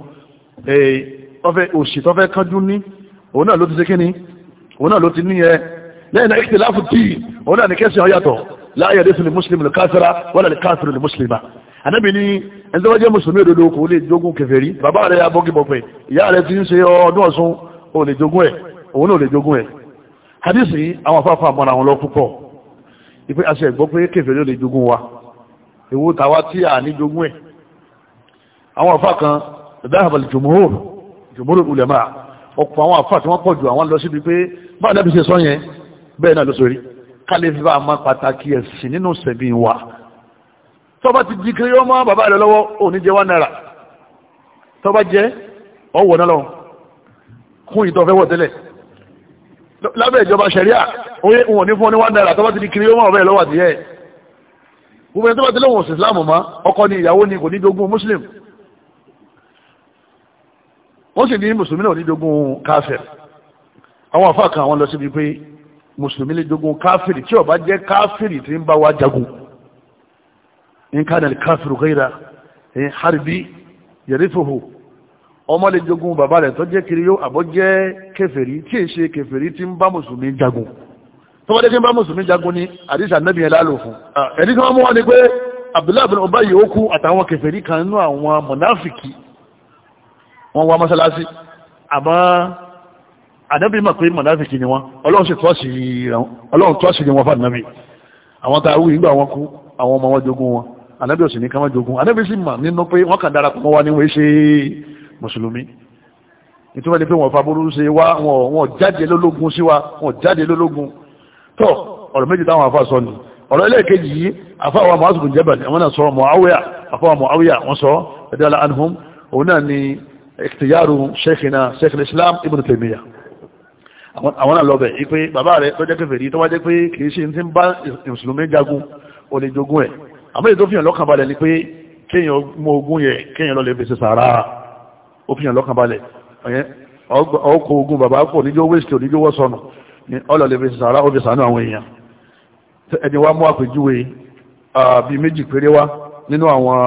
Speaker 1: òṣì tó fẹ́ kánjú ní òun náà ló ti ṣe kíni òun náà ló ti ní ẹ lẹ́yìn náà ìtìláfù díì òun náà ní kẹ́sìn ọ̀yàtọ̀ láàyè lẹ́sìn ní mùsùlùmí káfíra wọ́n ní káfíra ní mùsùlùmá ànábì ní ẹni tó bá jẹ́ mùsùlùmí òdodo kò lè jogún kèfèrí bàbá rẹ̀ abọ́gibọ̀pẹ̀ ìyá rẹ̀ ti ń ṣe ọdún ọ̀sùn ò lè jogún ẹ̀ òun náà lè jogún ẹ̀ hadisi àwọn afáfà mọ́ra wọn lọ púpọ̀ ìpé aṣẹ ìgbọ́ pé kèfèrí ò lè jogún wa èwo tàwa tí a ní jogún ẹ̀ àwọn afá kan dáhàbàlì jùmúhùr jùmúhùr ulẹ̀mà ọ̀pọ̀ àwọn afá tí wọ́n pọ̀ jù àwọn lọ síbi pé bá bẹ́ẹ̀ náà ló sọ rí kálífì bá máa pàtàkì ẹ̀sìn nínú sẹ̀mí wa tọ́ba ti di kiri ọmọ bàbá rẹ lọ́wọ́ òní jẹ́ wá náírà tọ́ba jẹ́ ọwọ́ náà lọ́wọ́ kún ìtọ́ fẹ́ wọ̀ tẹ́lẹ̀ lábẹ́ ìjọba ṣẹ̀ríà oye wọn ní fún ní wá náírà tọ́ba ti di kiri ọmọ bàbá rẹ lọ́wọ́ àtìyẹ́ gbogbo ẹni tọ́ba ti lọ́wọ́ sí Islam ma ọkọ ni ìyàwó ni kò ní jogún Muslim wọ́n sì ní Mùsùlùmí náà ní jogún káfẹ́ àwọn àfáà àwọn lọ síbi pé mùsùlùmí lè jogun káfìrì tí ó bá jẹ́ káfìrì tí ń bá wa jagun in kana káfìrì ghaira in eh, harbi yarithuhu ọmọ lè jogun bàbá rẹ̀ tó jẹ́ kiri yóò àbọ́ jẹ́ kèfèrí tí è ṣe kèfèrí tí ń bá mùsùlùmí jagun tó wọ́n dé tí ń bá mùsùlùmí jagun ní àdíṣà nẹ́bí ẹ̀ lálò fún ẹ̀rí tí wọ́n mú wọn ni pé abdullahi bin ọba yìí ó kú àtàwọn kèfèrí kan nínú àwọn mọ̀náfìkì wọ́n wá mọ́sálásí àmọ́ ànábì mọ̀ pé mọ̀náfíkì ni wọ́n ọlọ́run sì tọ́sí ni wọ́n fà nàbì àwọn tá a wí nígbà wọn kú àwọn ọmọ wọn jogún wọn ànábì òsì ní ká wọn jogún ànábì sì mà nínú pé wọ́n kàn darapọ̀ wọn wá ní wọ́n ṣe mùsùlùmí ìtumọ̀ ni pé wọ́n fa burú ṣe wá wọn jáde lólógún sí wa wọn jáde lólógún tó ọ̀rọ̀ méjì táwọn afa sọ ni ọ̀rọ̀ ẹlẹ́ẹ̀kejì yìí afa wa mọ̀ asùnkùn jẹ́bẹ̀ ni àwọn náà sọ Muawiya afa wa Muawiya wọ́n sọ ẹ̀dá àwọn náà lọ́bẹ̀ yìí pé bàbá rẹ̀ tó jẹ́ kèfèrí tó wá jẹ́ pé kìí ṣe ti ń bá ìmùsùlùmí jagun ó lè jogún ẹ̀ àmọ́ èyí tó fi hàn lọ́kàn balẹ̀ ni pé kéèyàn mú ogún yẹ kéèyàn lọ́lẹ̀ fèsì sàárà ó fi hàn lọ́kàn balẹ̀ ọkọ̀ ogun bàbá kò níjó wéṣítì oníjó wọ́sọ̀nù ni ọlọ́lẹ̀ fèsì sàárà ó fi sàánú àwọn èèyàn ẹni wá mú àpèjúwe bíi méjì péré wá nínú àwọn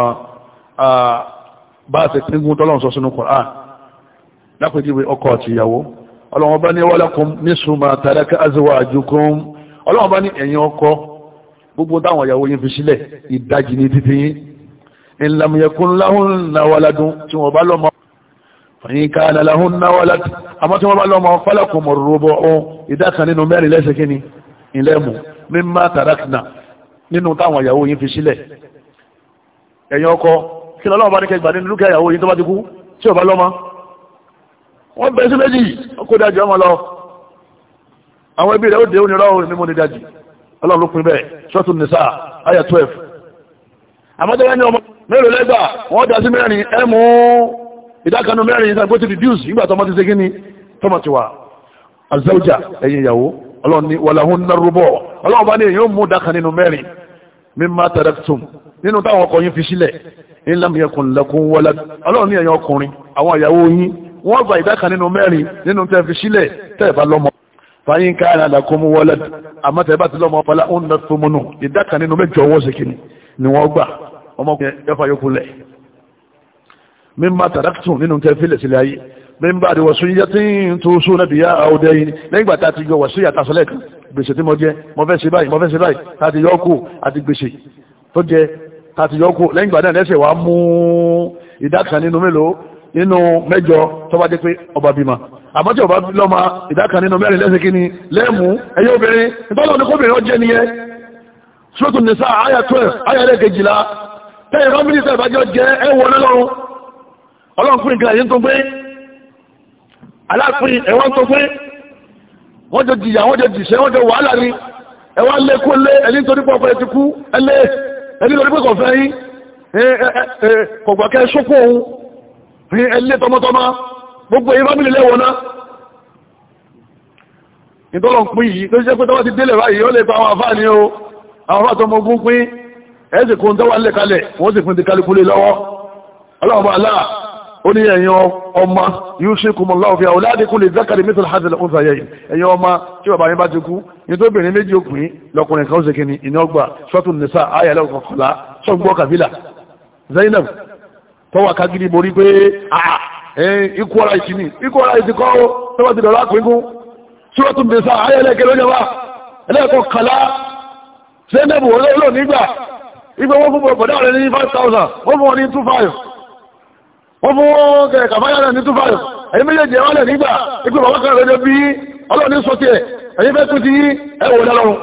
Speaker 1: bá a ti pín gún tọ́lọ́ ọlọ́wọ́n bá ní walakum nisfu ma taraka azwajukum ọlọ́wọ́n bá ní ẹ̀yin ọkọ gbogbo táwọn ìyàwó yín fi sílẹ̀ ìdajì ní títí yín in lam yakun lahunna waladun tí wọ́n bá lọ́mọ fàyín kana lahunna waladun àmọ́ tí wọ́n bá lọ́mọ wọ́n bẹ sí méjì kó dájú ọmọ lọ àwọn ẹbí rẹ̀ ó dé onírọ́ òní mo ní dájú ọlọ́run ló pin bẹ́ẹ̀ ṣọ́ọ̀tù nìsà àyà 12 àmọ́tẹ́wẹ́ ní ọmọ mélòó lẹ́gbà wọ́n dá sí mẹ́rin ẹmú ìdákanu mẹ́rin ìsàn kó ti reduce nígbà tọmọ ti ṣe kí ni tọmọ ti ni wàláhùn narúbọ̀ ọlọ́run bá ní èyí ó mú dákan nínú mẹ́rin mímá taraktum nínú táwọn ọkọ yín fi sílẹ̀ ńlá mi yẹkùn lẹ́kùn wọlé ọlọ́run ní ẹ̀yìn wọ́n gba ìdá kan nínú mẹ́rin nínú tẹ́ fi sílẹ̀ tẹ́ bá lọ́mọ fàyín ká ara àdàkó mú wọlé àmọ́ ti lọ́mọ ọ̀pọ̀lá ń lọ tó múnú ìdá kan nínú mẹ́jọ owó ṣe kìíní ni wọ́n gbà ọmọkùnrin yẹn yọfà yókù lẹ̀ mímá tàdákùtùn nínú tẹ́ fi lẹ̀ sílẹ̀ ayé mímá àdìwọ̀ sún yẹ tí ń tó sún náà bìyà àwòdẹ yìí lẹ́yìn gbàtà ti yọ wàsíyà tasọ̀lẹ̀ kan gbèsè tí mo jẹ yọ kù àti ìdá kan nínú mélòó nínú mẹ́jọ tó bá jẹ́ pé ọba bímọ àmọ́ tí ọba lọ́mọ ìdákan nínú mẹ́rin lẹ́sìn kí ni lẹ́mú ẹ̀yẹ obìnrin ìtọ́lọ́ ní kóbìnrin ọjẹ́ nìyẹn sọ́tún nìsa àyà 12 àyà ẹlẹ́gẹ̀jìlá tẹ́yìn fámílì tẹ́ ìbájọ́ jẹ́ ẹwọ lọ́rùn ọlọ́run fún ìgbà yìí tó gbé aláàfin ẹ̀wọ́n tó gbé wọ́n jọ jìyà wọ́n jọ jìṣẹ́ wọ́n jọ wàhálà ni ẹwà lẹ́kọ́ lé ẹni tó nípa ọ̀fẹ́ ti kú ẹlẹ́ ẹni tó nípa ní ẹlẹ́ tọmọtọmọ gbogbo ẹ̀yìn fámílì lẹ́wọ̀n náà ìtọ́lọ̀ ń pín yìí tó ṣe pé tọ́wọ́ ti délẹ̀ báyìí ó lè pa àwọn àfáà ní o àwọn àfáà tọmọ ogun pín ẹ̀ẹ́sì kó ń tọ́wọ́ lẹ̀ kalẹ̀ wọ́n sì pín ti kálukúlé lọ́wọ́ ọlọ́ọ̀bọ̀ aláà ó ní ẹ̀yin ọmọ yusikumullahu fi awladikum lidhakari mithlu hadhil unthayayn ẹ̀yin ọmọ tí bàbá yín bá ti kú ní tó bìnrin méjì òkùnrin lọkùnrin kan ó ṣe kìíní ìní ọgbà sọ́tún nìsa ayẹlẹ́ ọkọ̀kọ̀lá sọ́gbọ́ kàfílà Zainab tọ́wọ́ kagiri borí pé ikú ọ̀rá ìtì ni ikú ọ̀rá ìtì kọ́ tọ́wọ́ ti dọ̀rọ̀ àpínkún ṣúrọ́tù bèsà ayẹ́lẹ́kẹ́ ló jẹba ẹlẹ́ẹ̀kọ́ kàlá sẹ́nẹ̀bù olóòlò nígbà igbó wọ́n fún bọ̀dá rẹ̀ ní 5000 wọ́n fún wọn ní 25 wọ́n fún kẹ̀kàfáyà rẹ̀ ní 25 ẹ̀yí méjèèjì ẹwà lẹ̀ nígbà igbó bàbá kan rẹ̀ bí sọ́tì ẹ̀ fẹ́ tún ti ẹ̀wọ̀ lọ́rùn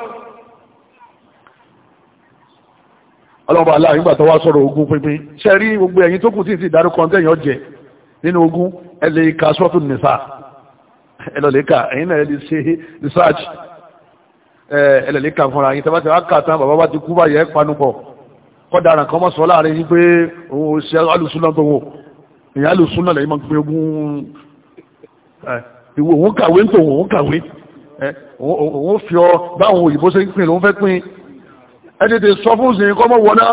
Speaker 1: ọlọ́ba aláà nígbà tó wá sọ̀rọ̀ ogun pínpín ṣe rí gbogbo ẹ̀yin tó kù tí ti dárúkọ tẹ̀yìn ọ̀jẹ̀ nínú ogun ẹ lè ka sọ́ọ̀tù nìsa ẹ lọ lè ka ẹ̀yin náà ẹ lè ṣe research ẹ lè lè ka fúnra yín tẹ́fà tẹ́fà kà tán bàbá bá ti kú báyẹ̀ panu pọ̀ kọ́daràn kan mọ́ sọ láàrin yín pé òun ò ṣe alùsùnà tó wò ìyá alùsùnà lẹ́yìn máa ń pín ogun ìwò òun kàwé ń tò òun kàwé òun fi ọ báwọn òyìnbó ṣe ń pín òun fẹ́ pín ẹ tètè sọ fún sìn kọ́ mọ́ wọná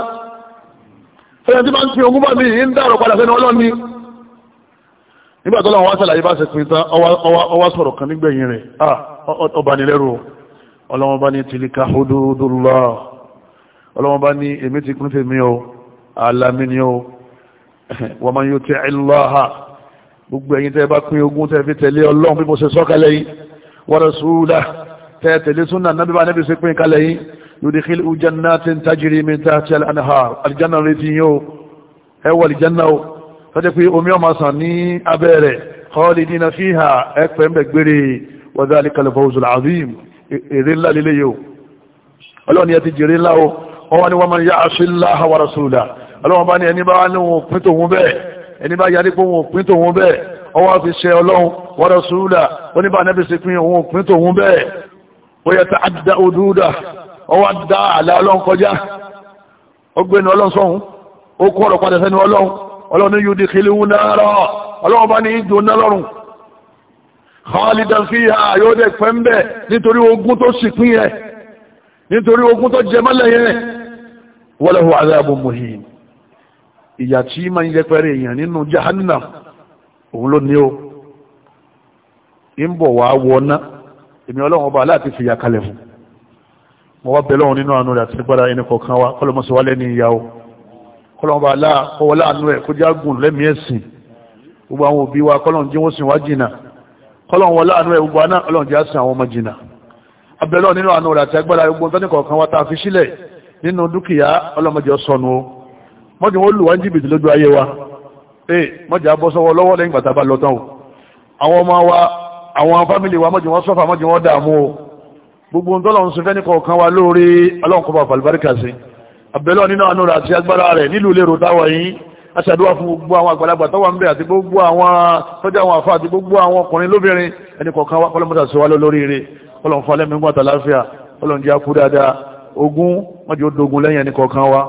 Speaker 1: fẹ́rẹ̀ tí bá ń pin ogún bá mi ń dàrọ̀ padà sẹ́nu ọlọ́ni nígbà tó lọ́wọ́ wá sàlàyé bá ṣe pin tán ọwá sọ̀rọ̀ kan nígbẹ̀yìn rẹ̀ ọba ni lẹ́rù ọlọ́wọ́n bá ní tìlíkà hududullah ọlọ́wọ́n bá ní èmi ti pín tèmi o àlàmì ni o <laughs> wa man yuti'illaha gbogbo ẹ̀yin tẹ́ bá pín ogún tẹ́ fi tẹ̀lé ọlọ́run bí mo ṣe sọ́kalẹ̀ yìí wa rasulahu tẹ́tẹ̀lé súnà nábí bá nábí sí pín kalẹ̀ yìí yudkhil jannatin tajri min tahtiha al-anhar aljanna retí yóò ẹwà aljanna o tọ́jẹ́ pé omi ọmọ sàn ní abẹ́rẹ̀ khalidina fiha ẹ̀pẹ̀ ń bẹ̀ gbére wa dhalika al-fawzu al-azim èrè wọ́n wá ní wọ́n ní bá nẹ́bí sí pín òun pín tòun bẹ́ẹ̀ bóyá tá a da òdúdà ọwọ́ da àlà ọlọ́run kọjá ọgbẹ́ni ọlọ́run sọ́hun ó kọ́ ọ̀rọ̀ padà sẹ́ni ọlọ́run ọlọ́run yóò di kìlíwù náírà ọlọ́run bá ní ìjò náà lọ́rùn khalidan fiha yóò dẹ̀ pẹ́ ń bẹ̀ nítorí ogun tó sì pín yẹn nítorí ogun tó jẹ mọ́lẹ̀ yẹn walahu adhabun muhin ìyà tí máa ń yẹpẹrẹ èèyàn nínú jahannam òun ló ní o ń bọ̀ wá wọ náà èmi ọlọ́run ọba aláàtí fi yàkalẹ̀ fún mo wá bẹ̀lọ́run nínú àánú rẹ̀ àti nípadà ẹni kọ̀ọ̀kan wa kọlọmọsí wá lẹ́ni ìyàwó kọlọmọba aláàkọwọlá àánú rẹ̀ kó jágùn lẹ́mí ẹ̀sìn gbogbo àwọn òbí wa kọlọ̀n jí wọ́n sìn wá jìnà kọlọ̀n wọlá àánú rẹ̀ gbogbo aná kọlọ̀n jẹ́ àsìn àwọn ọmọ jìnà ee mọ́jà bọ́ sọ́wọ́ lọ́wọ́ lẹ́yìn gbàtà wa àwọn fámìlì wa mọ́jú wọn sọ́fà mọ́jú wọn dààmú o gbogbo ń tọ́lọ̀ ń sun fẹ́ni kọ̀ọ̀kan wa lórí ọlọ́nkọ́bà fàlùbáríkà sí abẹ́lọ́ nínú àánú rẹ̀ àti agbára rẹ̀ nílùú lérò táwọ̀ yìí aṣàdúwà fún gbogbo àwọn àgbàlagbà tọ́wà ń bẹ àti gbogbo àwọn tọ́jà àwọn àfà àti gbogbo àwọn ọkùnrin lóbìnrin ẹni kọ̀ọ̀kan wa kọ́lọ́mọ́ta sí wa lórí rẹ̀ ọlọ́n falẹ̀ mímú àtàláfíà ọlọ́n jẹ́ akú dáadáa ogun wọ́n jẹ́ ó dogun lẹ́yìn ẹni kọ̀ọ̀kan wa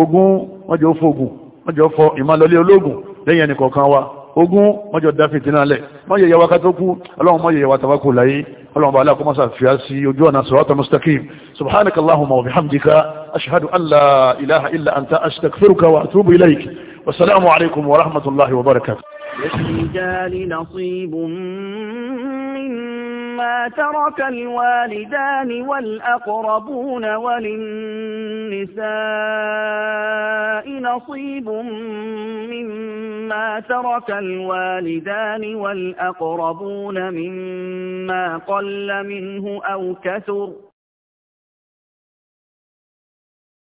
Speaker 1: ogun wọ́n jẹ́ ó fògùn wọ́n jẹ́ ó fọ ìmọ̀lọ́lé ológun lẹ́yìn ẹni kọ̀ọ̀kan wa ogun mọ́jọ dáfẹ́ tí náà lẹ̀ mọ́ yẹ yẹwa kátó kú ọlọ́run mọ́ yẹ yẹwa tàbákù láyé ọlọ́run bá aláàkọ́ mọ́sá fìyà sí ojú ọ̀nà sọ̀rọ̀tọ̀ mustaqim subhanaka allahumma wa bihamdika ashhadu an la ilaha illa anta للرجال نصيب مما ترك الوالدان والأقربون وللنساء نصيب مما ترك الوالدان والأقربون مما قل منه أو كثر